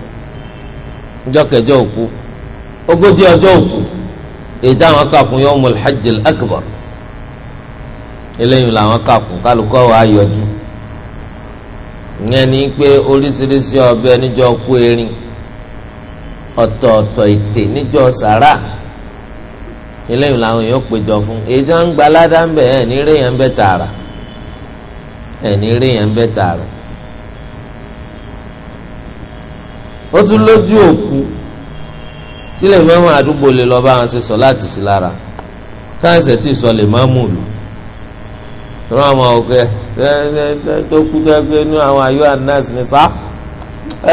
A: níjọ́ kẹjọ òkú ogójì ọjọ́ òkú èyí táwọn hajjil akbar eléyìí làwọn kàkún kálukọ́ wa yọjú ìyẹn ni pé oríṣiríṣi ọbẹ̀ níjọ́ kú erin ọ̀tọ̀ọ̀tọ̀ ètè níjọ́ sàrà. eléyìí làwọn èèyàn péjọ fún èyí tí wọn ń gba aládá ń bẹ ẹ ní rí yẹn ń bẹ tààrà ẹ ní rí yẹn ń bẹ tààrà ó tún lójú òkú tílẹ̀ mẹ́wọ̀n àdúgbò lè lọ́ọ́ bá wọn ṣe sọ láti sí lára káàsẹ̀ tí sọ lè má mú lù tọ́lá àwọn ọ̀kẹ́ tó kú tó ẹgbẹ́ inú àwọn ayọ́ àdáǹsì ni sá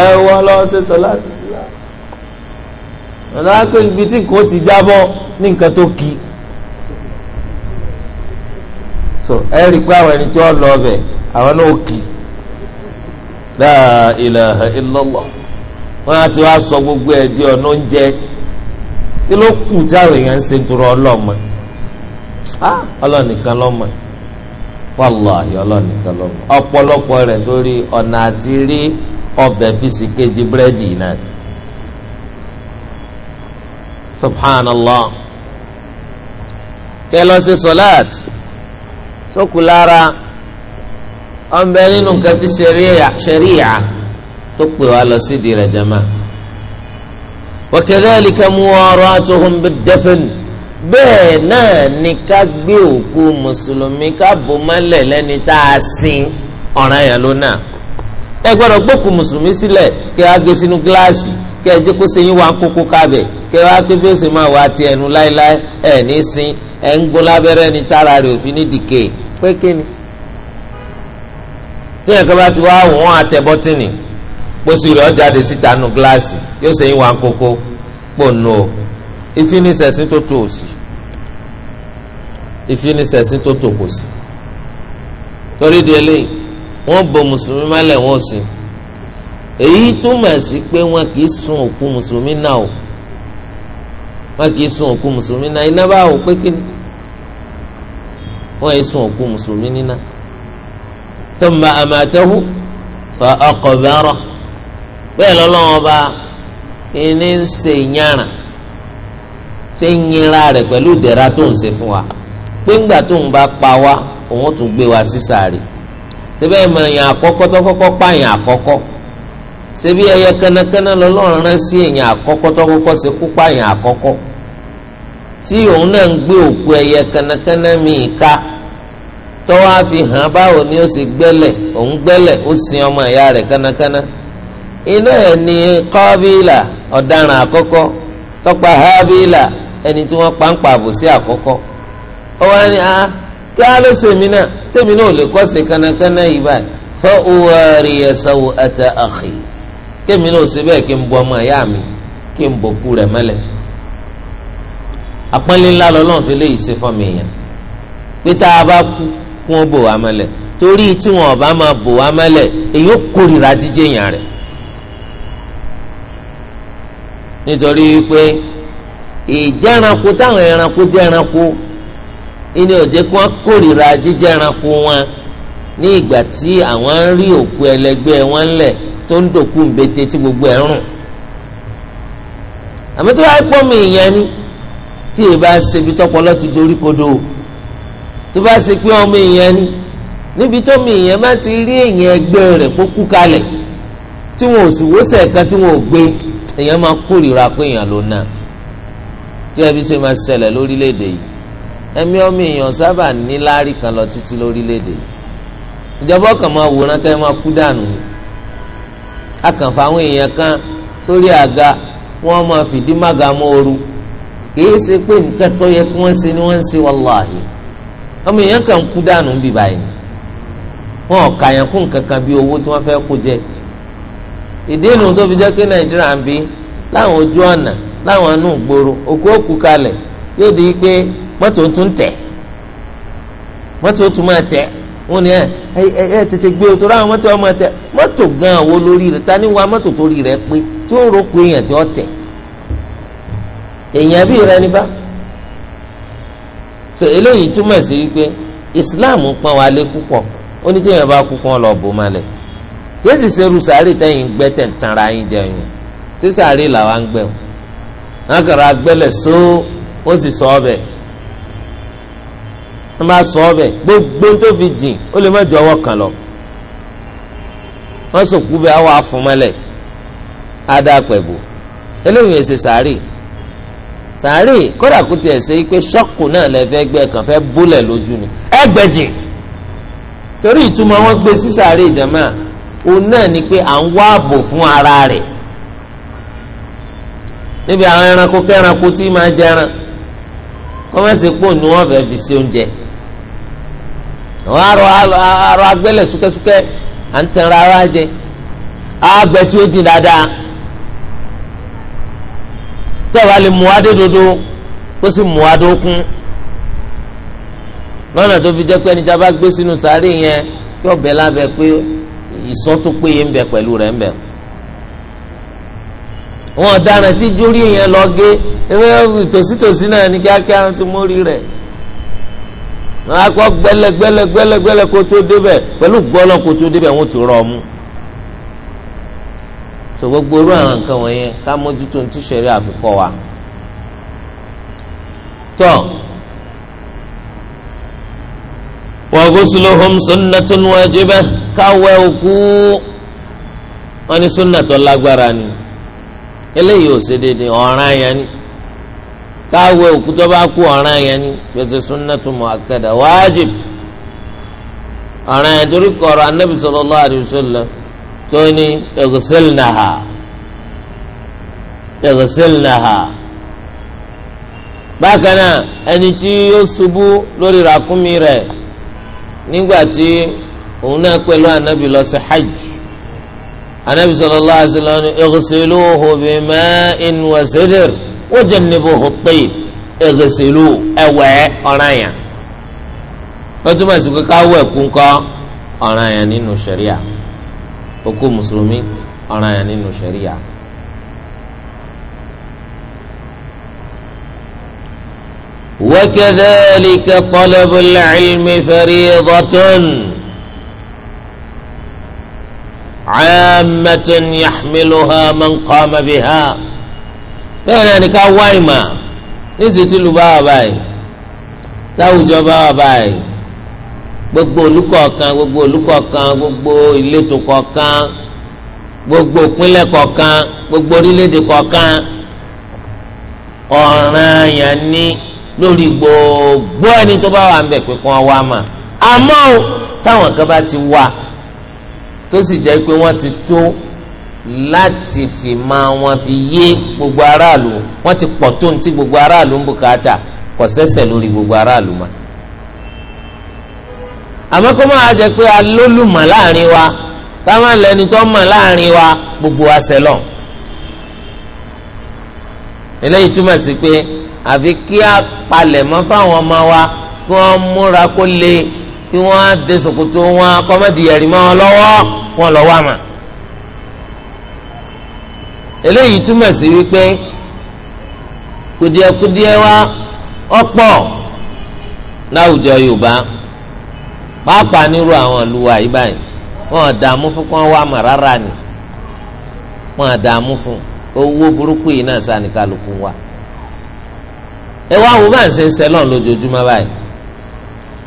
A: ẹ wọ́n lọ́ọ́ ṣe sọ láti ọ̀nà wá pé ibi tí nǹkan ó ti jábọ́ ní nǹkan tó kì í so ẹ rí i pé àwọn ẹni tí wọ́n lọ ọbẹ̀ àwọn náà ó kì í la ilaha illallah wọ́n á ti wá sọ gbogbo ẹ̀ di ọ̀nà oúnjẹ kí ló kù táwọn èèyàn ń ṣe nítorí ọlọ́mọ ọlọ́nìkan lọ́mọ wàláhì ọlọ́nìkan lọ́mọ ọ̀pọ̀lọpọ̀ rẹ̀ torí ọ̀nà àti rí ọbẹ̀ fi sì kejì búrẹ́dì náà subhanallah kẹ lọ sí sọláàt sókùlára ọ̀nbẹ nínú nǹkan tí ṣẹ̀ríyà tó pè wá lọ sí ìdí rẹ̀ jẹ́mà wa kadhalika muwaratuhum bid-dafn bẹ́ẹ̀ náà ni ká gbé òkú mùsùlùmí ká bò mọ́lẹ̀ lẹ́ni tá a sin ọ̀ràn yẹn ló náà ẹ gbọ́dọ̀ gbókù mùsùlùmí sílẹ̀ kí a gé sínú gíláàsì kí ẹ jẹ́ kó sẹ́yìn wá kókó kábẹ̀ kẹwàá pé bí ó sì máa wá ti ẹnu láéláé ẹ ní sin ẹ ń gún lábẹ́rẹ́ ní tára rẹ̀ òfin ní dìke pé kíni. tí ẹ̀ka bá ti wá wọ́n àtẹ bọ́tìnì pósí rẹ̀ ọ̀jáde síta nu gíláàsì yóò ṣe yín wá kókó pò nù o ìfinisẹ̀sìn tó tò sí ìfinisẹ̀sìn tó tò kò sí. torí di eléyìí wọ́n bo mùsùlùmí mọ́lẹ̀ wọ́n sìn èyí túmọ̀ sí pé wọ́n kì í sun òkú mùsùlùmí náà o wọn kì í sun òkú mùsùlùmí náà iná bá wò pé kí ni wọn yìí sun òkú mùsùlùmí níná thumma amatahu fa aqbara bẹ́ẹ̀ lọ́lọ́wọ́n bá ẹni ń ṣe yàrá ṣe ń yinra rẹ̀ pẹ̀lú ìdẹ̀ra tó ń ṣe fún wa pé tó ń bá pa wá òun tún gbé wa sí sàréè síbẹ̀ mọ̀ ẹ̀yàn àkọ́kọ́ tó pààyàn àkọ́kọ́ ṣebí ẹyẹ kánnakánná lọ́lọ́run rán sí èèyàn àkọ́kọ́ tó kọ́kọ́ ṣe kú pààyàn àkọ́kọ́ tí òun náà ń gbé òkú ẹyẹ kánnakánná míì ká tó wá fi hàn báwo ni ó sì gbẹ́lẹ̀ òun gbẹ́lẹ̀ ó sin ọmọ ìyá rẹ̀ kánnakánná iná ẹ̀ ní kọ́bílà ọ̀daràn àkọ́kọ́ tọ́pa hábílà ẹni tí wọ́n pa àbòsí àkọ́kọ́ ó wá ní ah, kí á sèmi náà tèmi náà ò lè kọ́ ṣe kánnakánná yìí báyìí fọ́ òwò àríyẹ̀sọ̀wò àtà àkìí kémi náà ṣe bẹ́ẹ̀ kí n bu ọmọ ìyá mi kí n bòkú rẹ̀ mẹ́lẹ̀. àpọ́nlé ńlá lọ́lọ́run fi léyìí ṣe fún mi yẹn pé a bá kú wọn bò wá mẹ́lẹ̀. torí tí wọn ọba máa bò wá mẹ́lẹ̀, èyí ó kórìíra jíjẹ́ yàn rẹ̀ nítorí pé ìjẹ́ ẹranko táwọn ẹranko jẹ́ ẹranko ìní òjẹ́ kí wọ́n kórìíra jíjẹ́ ẹranko wọn ní ìgbà tí àwọn ń rí òkú ẹlẹgbẹ́ wọn lẹ̀ tó ń dòkú nbete tí gbogbo ẹ̀ ń rùn àmọ́ tí wàá pọ́ mi ìyẹn ni tí èyí bá ṣe ibi tọpọlọ ti dorí kodo tó bá ṣe pé ọmọ ìyẹn ni níbi tó mi ìyẹn bá ti rí èyàn ẹgbẹ́ rẹ̀ kó kú kalẹ̀ tí wọn ò sì wọ́sẹ̀ kan tí wọn ò gbé èyàn máa kórìíra pé èyàn ló na tí ẹbí ṣe máa ṣẹlẹ̀ lórílẹ̀‐èdè yìí ẹ̀mí ọmọ èèyàn sábà ní láárí kan lọ títí lórílẹ̀‐èdè ìjọba ọkàn máa wòran kẹ́ máa kú dànù ni akànfà àwọn èèyàn kan sórí àga wọ́n máa fìdí mága mọ́ ooru kìí ṣe pé nǹkan tó yẹ kí wọ́n ṣe ni wọ́n ń ṣe wàláhì ọmọ èèyàn kan kú dànù ń bì báyìí wọn ò kàyàn kún kankan bí owó tí wọ́n fẹ kó jẹ ìdí tó fi nàìjíríà ń bí láwọn ojú ọ̀nà láwọn inú ìgboro di pé mọ́tò tún tẹ̀ mọ́tò tún máa tẹ̀ wọ́n ní ẹ ẹ tètè gbé o torí àwọn mọ́tò ọmọ tẹ mọ́tò gan àwọn olórí rẹ̀ ta ni wa mọ́tò torí rẹ̀ pé tí ó ń ro pé èèyàn tí ó tẹ̀ èèyàn bí rẹ ní bá tó eléyìí túmọ̀ sí wípé Islam pọ́n wa lé púpọ̀ ó ní téèyàn bá kú kán lọ bò má lẹ̀ yéésì serú sàárè tẹ̀yìn gbẹ́ tẹ̀ yín jẹun tí sàárè làwa ń wọn kàrà gbẹ́lẹ̀ só ó sì sọ ọbẹ̀ wọ́n bá sọ ọbẹ̀ gbogbo tó fi jìn ó lè má ju ọwọ́ kan lọ wọ́n sòkú bẹ́ẹ̀ àwọn afúnmọ́lẹ̀ adápẹ̀bù eléyìí èsè sàárè sàárè kódà kó tiẹ̀ ṣe pé ṣọ́ọ̀kù náà lè fẹ́ gbẹ́ kàn fẹ́ bólẹ̀ lójú ni ẹgbẹ̀jìn torí ìtumọ̀ wọn gbé sí sàárè ìjàmá òun náà ni pé à ń wá ààbò fún ara rẹ̀ níbi àwọn ẹranko kẹ́ranko tí máa jẹran wọ́n fẹ́ ṣe pò ní wọ́n fẹ́ fi ṣe oúnjẹ wọ́n arọ arọ agbẹ́lẹ̀ súkẹ́súkẹ́ à ń tẹnra ara jẹ àgbẹ̀ tí ó jìn dáadáa tẹ́wàá lè mú adé dodo kó sì mú adó kún lọ́nà tó fi jẹ́ pé ẹnìjà bá gbé sínú sàárè yẹn bẹ̀ lábẹ́ pé ìsọ́ tó wọn ọ̀daràn tí jórí yẹn lọ gé ewé tòsítòsí náà ní kíákíá rántí mórí rẹ̀ wọn akọ gbẹlẹ gbẹlẹ gbẹlẹ gbẹlẹ kó tó débẹ̀ pẹ̀lú gbọlọ kó tó débẹ̀ wọn ti rọ ọmú so gbogbo irú àwọn nǹkan wọ̀nyẹn ká mójútó ní tíṣẹ̀rí àfikọ́ wa tọ́ wa ghusluhum sunnatun wajibah káwẹ́ òkú wọn ní sunnatun lágbára eléyìí ò ṣe déédéé ọ̀ràn yẹn ni káwé òkú tó bá kú ọ̀ràn yẹn ni gbèsè sunnatu muakkada wájib ọ̀ràn yẹn torí kọ̀ọ̀rọ̀ anabi sallallahu alaihi wasallam tó ní igsilnaha igsilnaha bákan náà ẹni tí ó ṣubú lórí ràkúnmí rẹ̀ nígbà tí òun náà pẹ̀lú anabi lọ sí hajj النبي صلى الله عليه وسلم اغسلوه بماء وسدر وجنبوه الطيب اغسلوه اواء ارايا فتما سكك اواء كنك ارايا نينو الشريعة وكو مسلمين ارايا نينو الشريعة وكذلك طلب العلم فريضه عامة يحملها من قام بها bẹ́ẹ̀ náà ni ká wá ìmọ̀ níṣẹ́ tí lu bá wà báyìí táwùjọ bá wà báyìí gbogbo olùkọ̀ọ̀kan gbogbo olùkọ̀ọ̀kan gbogbo ìletò kọ̀ọ̀kan gbogbo ìpínlẹ̀ kọ̀ọ̀kan gbogbo orílẹ̀-èdè kọ̀ọ̀kan ọ̀ràn yẹn ní lórí gbogbo ẹni tó bá wà ń bẹ̀ pé kí wọ́n wá mà àmọ́ táwọn kan bá ti wà tó sì jẹ́ pé wọ́n ti tó láti fi máa wọn fi yé gbogbo aráàlú wọ́n ti pọ̀ tó ní ti gbogbo aráàlú ń bùkátà kò sẹ́sẹ̀ lórí gbogbo aráàlú mọ́. àmọ́ kó máa jẹ́ pé alólùmọ̀ láàrin wa ká má lẹni tó mọ̀ láàrin wa gbogbo àṣẹ lọ. eléyìí túmọ̀ sí pé àfi kí a palẹ̀mọ́ fáwọn ọmọ wa kí wọ́n múra kó lè kí wọ́n á dé ṣòkòtò wọn kọ́mọ́dì ẹ̀rí mọ́ wọn lọ́wọ́ wọn lọ́wọ́ àmà. eléyìí túmọ̀ sí wípé kùdìẹ̀kùdìẹ̀ wa ọ̀pọ̀ láwùjọ Yorùbá pàápàá nírú àwọn ìlú wa yìí báyìí wọn dààmú fún kí wọn wá àmà rárá ni wọn dààmú fún owó burúkú yìí náà sani kálukú wa ẹ wá wo bá ń ṣe ń sẹlọ̀ lójoojúmọ́ báyìí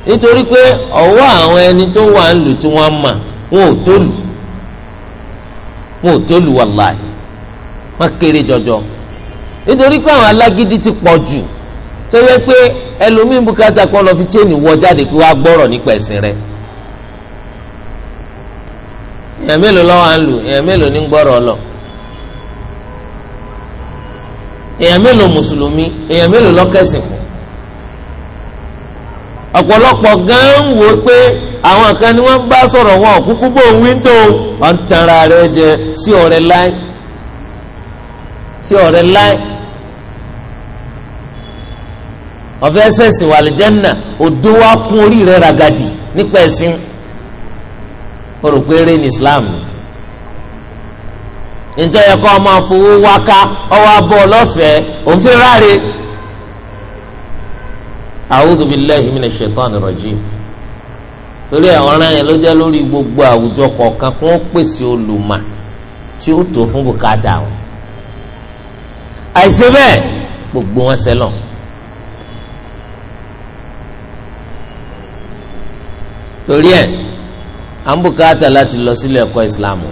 A: nítorí pé ọwọ́ àwọn ẹni tó wà ń lù tí wọ́n mà wọn ò tó wọn ò wàláì wọn kéré jọjọ nítorí pé àwọn ti pọ̀ jù tó yẹ pé ẹlòmíín bùkátà kan lọ fi chain wọ jáde pé wàá gbọ́rọ̀ nípa ẹ̀sìn rẹ̀ èèyàn mélòó lọ́wọ́ à ń lù èèyàn mélòó ní gbọ́rọ̀ lọ èèyàn mélòó mùsùlùmí èèyàn ọ̀pọ̀lọpọ̀ gan ń wò pé àwọn kan ni wọ́n bá sọ̀rọ̀ wọn kúkú bò ń wí tó wọ́n tanra rẹ jẹ sí ọ̀rẹ́ láì sí ọ̀rẹ́ láì ọ̀fẹ́ ẹsẹ̀sìn wà lẹ́jẹ̀nà odò wa kún orí rẹ ragadi nípa ẹ̀sìn o rò pé eré ní Islam ǹjẹ́ yẹ kó ọmọ afowó wáká ọwọ́ abọ́ ọlọ́fẹ̀ẹ́ òun fi ráre a'udhu billahi minash shaitanir rajim torí àwọn ará yẹn ló jẹ́ lórí gbogbo àwùjọ kọ̀ọ̀kan kó wọ́n pèsè olùmọ̀ tí ó tó fún bùkátà wọn àìsí bẹ́ẹ̀ gbogbo wọn sẹ́lọ̀ torí ẹ̀ à láti lọ sílé ẹ̀kọ́ Islam o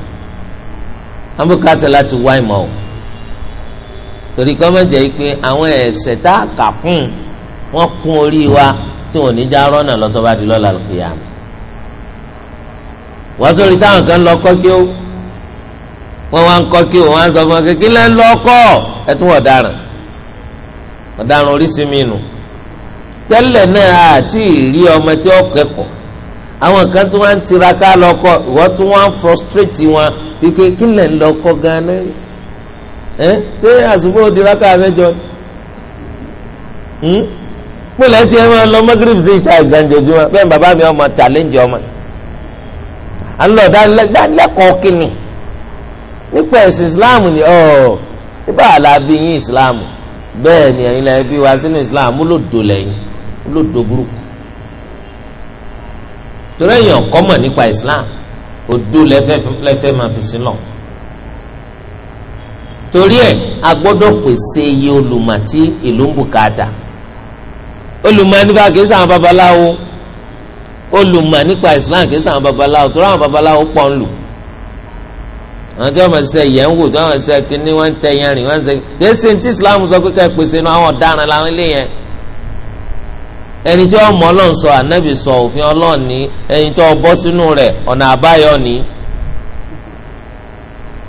A: à láti wá ìmọ̀ o torí kọ́mẹ́jẹ̀ yìí pé àwọn ẹ̀ṣẹ̀ tá a kà kún un wọ́n kún orí wa tí wọ́n ní já rọ́nà lọ́tọ́ bá di lọ́la kìyàmù wọ́n tó rí táwọn kan lọ kọ́ kí ó wọ́n wá ń kọ́ kí ó wọ́n á sọ fún wọn kékeré lẹ́ ń lọ kọ́ ẹ tún wọ́n dáràn ọ̀daràn oríṣi mi nù tẹ́lẹ̀ náà àti ìrí ọmọ tí ó kẹ́kọ̀ọ́ àwọn kan tí wọ́n tiraka lọ́kọ́ ìwọ́n tí wọ́n ń frustrate wọn wípé kí lẹ́ ń lọ́kọ́ gan-an ẹ ṣé àsùnwó diraka mẹ́jọ mo lẹ́yìn tí ẹ máa lọ magrib sí ìṣá ìgbàǹjọ́júmọ́ bẹ́ẹ̀ bàbá mi ọmọ challenge ọmọ à ń lọ dánilẹ́kọ̀ọ́ kínní nípa ẹ̀sìn islam ni ọ̀ nípa àlàbí yín islam bẹ́ẹ̀ ni ẹ̀yin lẹ́yìn bí wa sínú islam múlòdò lẹ́yìn múlòdò burúkú torí ẹ̀yìn ọ̀kọ́ mọ̀ nípa islam òdo lẹ́fẹ́ máa fi sílọ̀ torí ẹ̀ a gbọ́dọ̀ pèsè iye olùmọ̀ tí ìlú ń bùkátà olùmọ̀ nípa kìí sàn babaláwo olùmọ̀ nípa islam kìí sàn babaláwo tó ráwọn babaláwo pọ̀ ń lù àwọn tí wọ́n máa ṣe yẹn ń wò tí wọ́n máa ṣe kínní wọ́n ń tẹ yẹn rìn wọ́n ń ṣe kìí ṣe ní tí islam sọ pé ká ẹ pèsè inú àwọn ọ̀daràn làwọn ilé yẹn ẹni tí wọ́n mọ̀ ọlọ́run sọ ànábì sọ òfin ọlọ́run ní ẹni tí wọ́n bọ́ sínú rẹ̀ ọ̀nà àbáyọ ní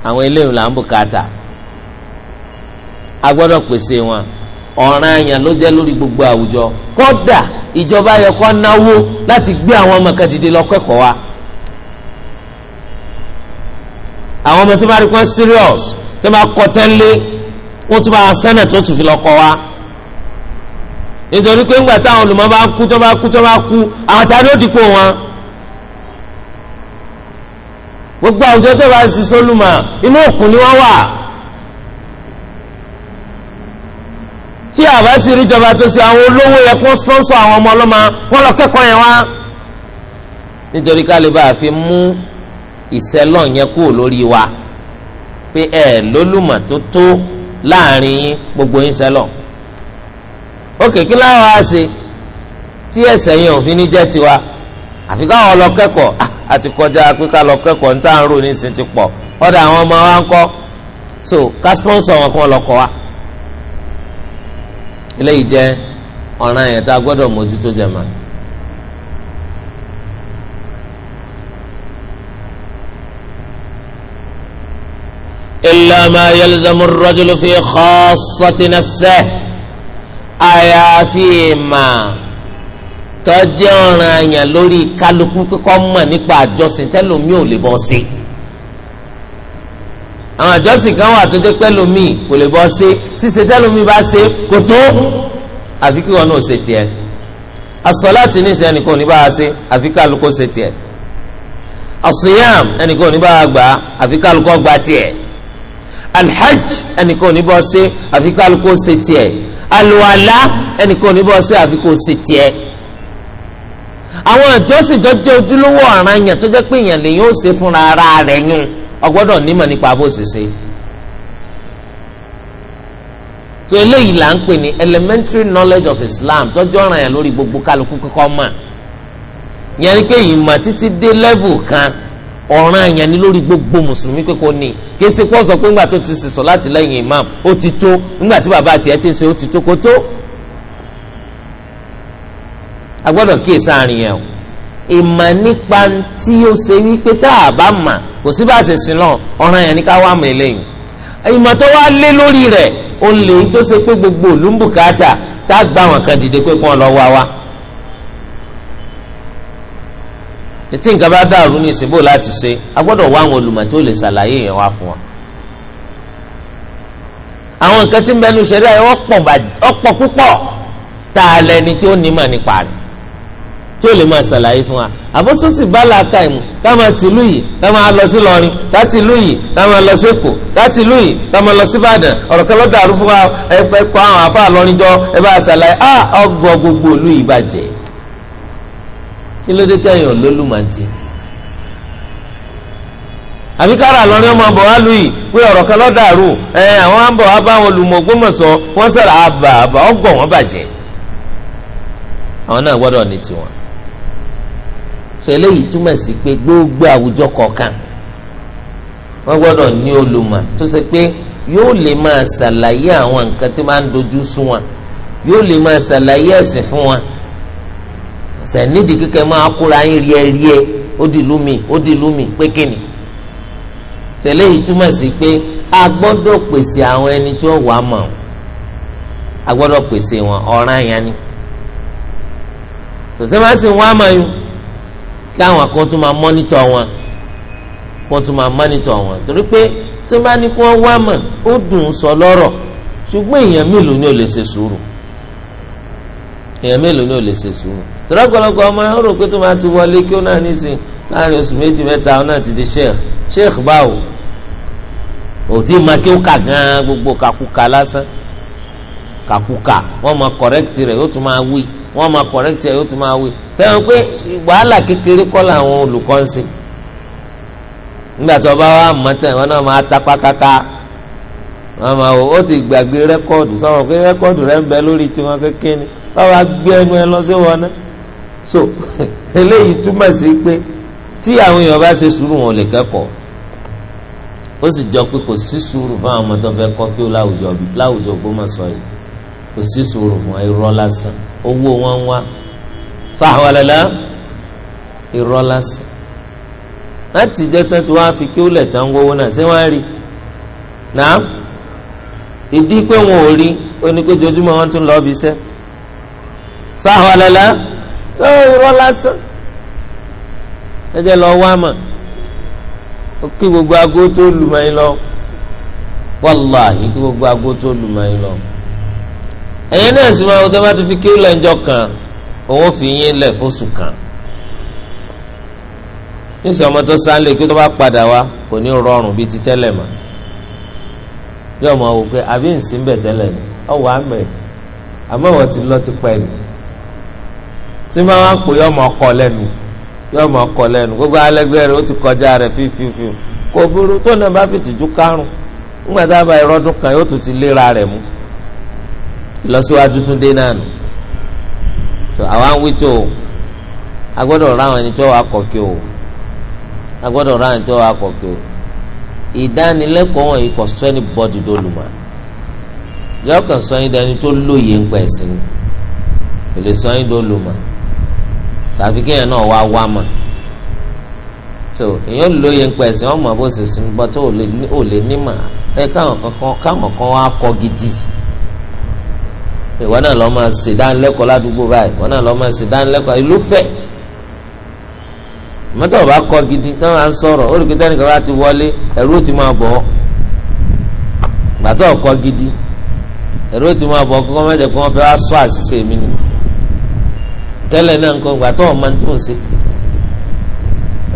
A: àwọn eléyìí là bùkátà a pèsè wọn ọ̀ranyàn ló jẹ́ lórí gbogbo àwùjọ kódà ìjọba yẹ kó náwó láti gbé àwọn ọmọ kan dìde lọ kẹ́kọ̀ọ́ wa àwọn ọmọ tó bá rí kọ́ serious tó bá kọ́ tẹ́lẹ̀ wọ́n tún bá a sẹ́nà tó tù fi lọ kọ́ wa nítorí pé ńgbà táwọn olùmọ̀ bá kú tó bá kú tó bá kú àwọn tá a ní ó dìpọ̀ wọn gbogbo àwùjọ tó bá sì sólùmọ̀ inú òkun ni wọ́n wà. tí àbá sì rí ìjọba tó ṣe àwọn olówó yẹ kó sponsor àwọn ọmọ ọlọ́mọ wọn lọ kẹ́kọ̀ọ́ yẹn wá nítorí ká lè bá a fi mú ìṣẹ́lọ̀ yẹn kúrò lórí wa pé ẹ lólùmọ̀ tó tó láàrin yín gbogbo yín ṣẹlọ̀ òkè kí láwọn á ṣe tí ẹsẹ̀ yẹn òfin ní jẹ́ tiwa àfi káwọn lọ kẹ́kọ̀ọ́ àti ah, kọjá pé ká lọ kẹ́kọ̀ọ́ ní tá à ń rò ní ìsìn ti pọ̀ ọ̀dà àwọn ọmọ wa ń kọ́ so ká sponsor wọn kí lọ kọ́ wa eléyìí jẹ́ ọ̀ràn yẹn tá a gbọ́dọ̀ mójútó jẹ̀mọ́. إلا ما يلزم الرجل في خاصة نفسه àyàfi mà tó jẹ́ ọ̀ranyàn lórí kálukú kíkọ́ mọ̀ nípa àjọsìn tẹ́lòmí ò lè bọ́ sí i àwọn àjọsìn kan wà tó jẹ́ pẹ́lòmíì kò lè bọ́ ṣe ṣíṣe tẹ́lòmíì bá ṣe kò tó àfi kí wọn náà ṣe tiẹ̀ asọ́láàtì ní ìsìn ẹnìkan ò ní bá a ṣe àfi kí alùpùpù ṣe tiẹ̀ asiyam ẹnìkan ò ní bá a gbà àfi kí alùpùpù gbà tiẹ̀ alhajj ẹnìkan ò ní bá a ṣe àfi kí alùpùpù ṣe tiẹ̀ alùwàlá ẹnìkan ò ní bá ṣe àfi kí ṣe tiẹ̀ àwọn àjọsìn tó jẹ́ ojúlówó ọ̀ranyàn tó jẹ́ pé èèyàn lè yóò ṣe fúnra ara rẹ̀ yún ọgbọ́dọ̀ nímọ̀ nípa bó ṣe ṣe so eléyìí là ń pè ní elementary knowledge of Islam tọ́jú ọ̀ràn yẹn lórí gbogbo kálukú kíkọ́ mọ̀ yẹn ni pé ìmọ̀ títí dé level kan ọ̀ràn yẹn ni lórí gbogbo mùsùlùmí pé kò ní kí ṣe pọ́ sọ pé ńgbà tó ti sọ láti lẹ́yìn imam ó ti tó ńgbà tí bàbá tiẹ̀ ti ṣe ó ti tó kó tó agbọ́dọ̀ kíyèsí àárín yẹn o ìmọ̀ nípa tí ó ṣe wípé tá a bá mà kò sí bá a ṣe sin lọ ọ̀ràn yẹn ní ká wà mọ̀ eléyìí ìmọ̀ tó wá lé lórí rẹ̀ ó lè tó ṣe pé gbogbo ìlú ń bùkátà tá a gbà wọn kan dìde pé kí wọn lọ wá wa. tètè nǹkan bá dàrú ní ìsìnbó láti ṣe a gbọ́dọ̀ wá àwọn olùmọ̀ tí ó lè ṣàlàyé yẹn wá fún wa. àwọn nǹkan tí ń bẹnu ṣẹlẹ̀ ọ̀pọ̀ púpọ̀ tá a lẹni tí ó nímọ̀ nípa rẹ̀ tí ó lè máa ṣàlàyé fún wa àbọ̀sọ́sì bá làákà ìmù ká máa tìlú yìí ká máa lọ sí lọrin ká tìlú yìí ká máa lọ sí èkó ká tìlú yìí ká máa lọ sí ìbàdàn ọ̀rọ̀ kan lọ́dọ̀ àrùn fún wa ẹ pẹ́ pa àwọn afá lọrin jọ ẹ bá ṣàlàyé á ọgọ gbogbo ìlú yìí bàjẹ́ kí ló dé tẹ̀yìn olólùmọ̀tì àbí kára lọrin ọmọ bọ̀ wá lù yìí pé ọ̀rọ̀ kan lọ́dọ̀ àrùn àwọn náà gbọ́dọ̀ ní tiwọn so eléyìí túmọ̀ sí pé gbogbo àwùjọ kọ̀ọ̀kan wọ́n gbọ́dọ̀ ní olùmọ̀ tó ṣe pé yóò lè máa ṣàlàyé àwọn nǹkan tí máa ń dojú sú wọn yóò lè máa ṣàlàyé ẹ̀sìn fún wọn sẹ̀nídìí kíkẹ́ máa kóra yín rí ẹ rí ẹ ó di lumi ó di lumi pé kíni so eléyìí túmọ̀ sí pé a gbọ́dọ̀ pèsè àwọn ẹni tí ó wà mọ̀ a gbọ́dọ̀ pèsè wọn ọ̀ràn yẹn ni tòṣẹ́ máa sì wọ́n á mọ̀ yín káwọn kan tún máa mọ́nítọ̀ wọn kó tún máa mọ́nítọ̀ wọn torí pé tí wọ́n bá ní kí wọ́n wá mọ̀ ó dùn ún sọ lọ́rọ̀ ṣùgbọ́n èèyàn mélòó ni ò lè ṣe sùúrù èèyàn mélòó ni ò lè ṣe sùúrù tọ́lá ọ̀pọ̀lọpọ̀ ọmọ ẹ̀ ń rò pé tó máa ti wọlé kí ó náà ní láàrin oṣù méjì mẹ́ta ó ti di sheikh sheikh báwo òtí ma kí ó kà gan gbogbo kakuka lásán kakuka wọ́n máa kọ̀rẹ́kìtì rẹ̀ ó tún máa wí. wọ́n máa correct ẹ̀ yóò tún máa wí sẹ́wọ̀n pé wàhálà kékeré kọ́ làwọn olùkọ́ ń ṣe nígbà tó bá wà mọ́tẹ́ wọn náà máa tapá máa wò ó ti gbàgbé rẹ́kọ́ọ̀dù sọ̀rọ̀ pé rẹ́kọ́ọ̀dù rẹ̀ ń bẹ lórí tiwọn kékeré ni báwa gbé ẹnu ẹ lọ sí wọn náà so eléyìí túmọ̀ sí pé tí àwọn èèyàn ṣe sùúrù wọn lè kẹ́kọ̀ọ́ ó sì jọ pé kò sí sùúrù fáwọn ọmọ tó fẹ́ kọ́ kí ó láwùjọ sọ yìí kò sí sùúrù fún ẹ irọ́ lásán owó wọn wá fáwọlẹ́lẹ́ irọ́ lásán láti jẹ́ tán tí wọ́n á fi kí ó lẹ̀ tán wọ́wọ́ náà ṣé wọ́n á rí náà ìdí pé wọn ò rí oníkójoojúmọ́ wọn tún bí iṣẹ́ gbogbo aago tó lù mọ́ lọ gbogbo aago tó lù ẹ̀yẹ náà sì máa tó bá ti fi kí ó lẹ́njọ́ kan owó fi yín lẹ̀ fóṣù kan níṣẹ́ ọmọ tó sálẹ̀ pé tó bá padà wá kò ní rọrùn bíi ti tẹ́lẹ̀ mọ́ yóò àbí tẹ́lẹ̀ ni ọ̀wọ́ àmẹ́ àmọ́ ti lọ ti pẹ́ ni tí máa wá pò yọ̀ọ́ máa lẹ́nu yọ̀ọ́ máa lẹ́nu gbogbo alẹ́gbẹ́ ó ti kọjá rẹ̀ fífífíù kò burú tó ìlọsíwájú tún dé náà nù tó àwa ń wí tó o a gbọ́dọ̀ ráwọn ẹni tó wà kọ̀kẹ́ o a gbọ́dọ̀ ráwọn ẹni tó wà kọ̀kẹ́ o ìdánilẹ́kọ̀ọ́ wọn yìí kò sọ ẹni bọ́dì tó lù mọ́ yọ kàn sọ dání tó lóye ń pa ẹ̀sìn kò lè sọ tó lù mọ́ tàbí kéèyàn náà wá wá mọ́ tó èèyàn lóye ń pa ẹ̀sìn ọmọ bó ṣe sìn gbọ́ tó ò lè nímọ̀ ẹ káwọn kan wá kọ́ gidi ìwọ náà lọ́ọ́ máa ṣe dánilẹ́kọ̀ọ́ ládùúgbò báyìí ìwọ náà lọ́ọ́ máa ṣe dánilẹ́kọ̀ọ́ ìlú fẹ́ mọ́tò ọba kọ́ gidi tán à ń sọ̀rọ̀ olùkíta nìkan bá ti wọlé ẹ̀rú ti máa bọ̀ ọ́ gbàtọ́ ọkọ́ gidi ẹ̀rú ti máa bọ̀ ọ́ kọ́kọ́ mẹ́jẹ̀ kó wọ́n fẹ́ wá sọ àṣìṣe mi nù tẹ́lẹ̀ náà nǹkan gbàtọ́ ọmọ tó ń ṣe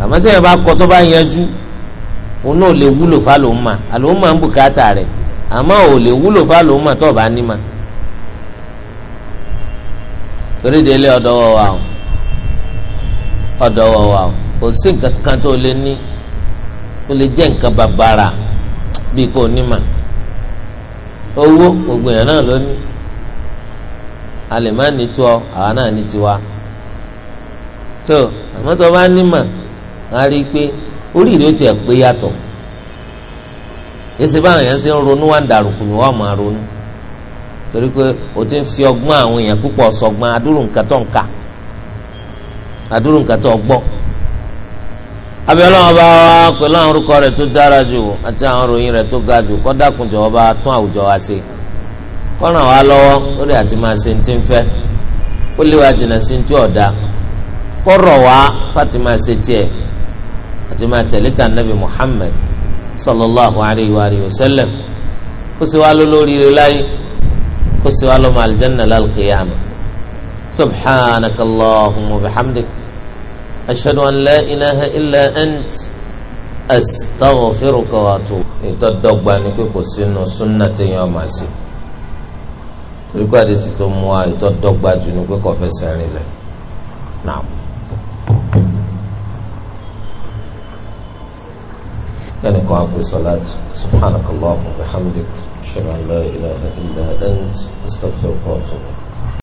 A: àmọ́ tẹ́lẹ̀ bá kọ́ tó bá yanjú òun náà lè wúlò fáwọn òun mà àlòun mà ń bùkátà rẹ̀ àmọ́ ò lè wúlò fáwọn òun mà tó ọ̀bá ní mà. torí délé ọ̀dọ́wọ́ wa o ọ̀dọ́wọ́ wa o kò sí nǹkan kan tó ní lè nǹkan bàbàrà kò ní mà owó gbogbo náà ló ní a má ní tó àwa náà ní tiwa tó àmọ́ tó bá ní mà á rí i torí pé o ti ń fi ọgbọ́n àwọn èèyàn púpọ̀ sọgbọ́n adúrú nǹkan tó ń kà adúrú nǹkan tó gbọ́ abẹ́lẹ́ bá wá pẹ̀lú àwọn orúkọ rẹ̀ tó dára jù àti àwọn òròyìn rẹ̀ tó ga jù kó dákun jọ̀wọ́ bá tún àwùjọ wa ṣe kó ràn lọ́wọ́ lórí àti máa ṣe ti ń fẹ́ kó lè wá jìnnà sí ti ọ̀dà kó rọ̀ máa ṣe tiẹ̀ sallallahu alayhi wa sallam kó sì wá kó sì wá lọ́mọ aljanna lálùkìyàmù subhanaka allahumma bihamdik ashhadu an la ilaha illa ant astaghfiruka wa atubu. ìtọ́dọ́gba ni pé kò sínú súnà téèyàn máa ṣe torí pé àdìsí tó mú wa ìtọ́dọ́gba jù ni pé kò fẹsẹ̀ rìn lẹ̀ náà. لأنك عبد الصلاة سبحانك اللهم وبحمدك أشهد أن لا إله إلا أنت أستغفرك وأتوب إليك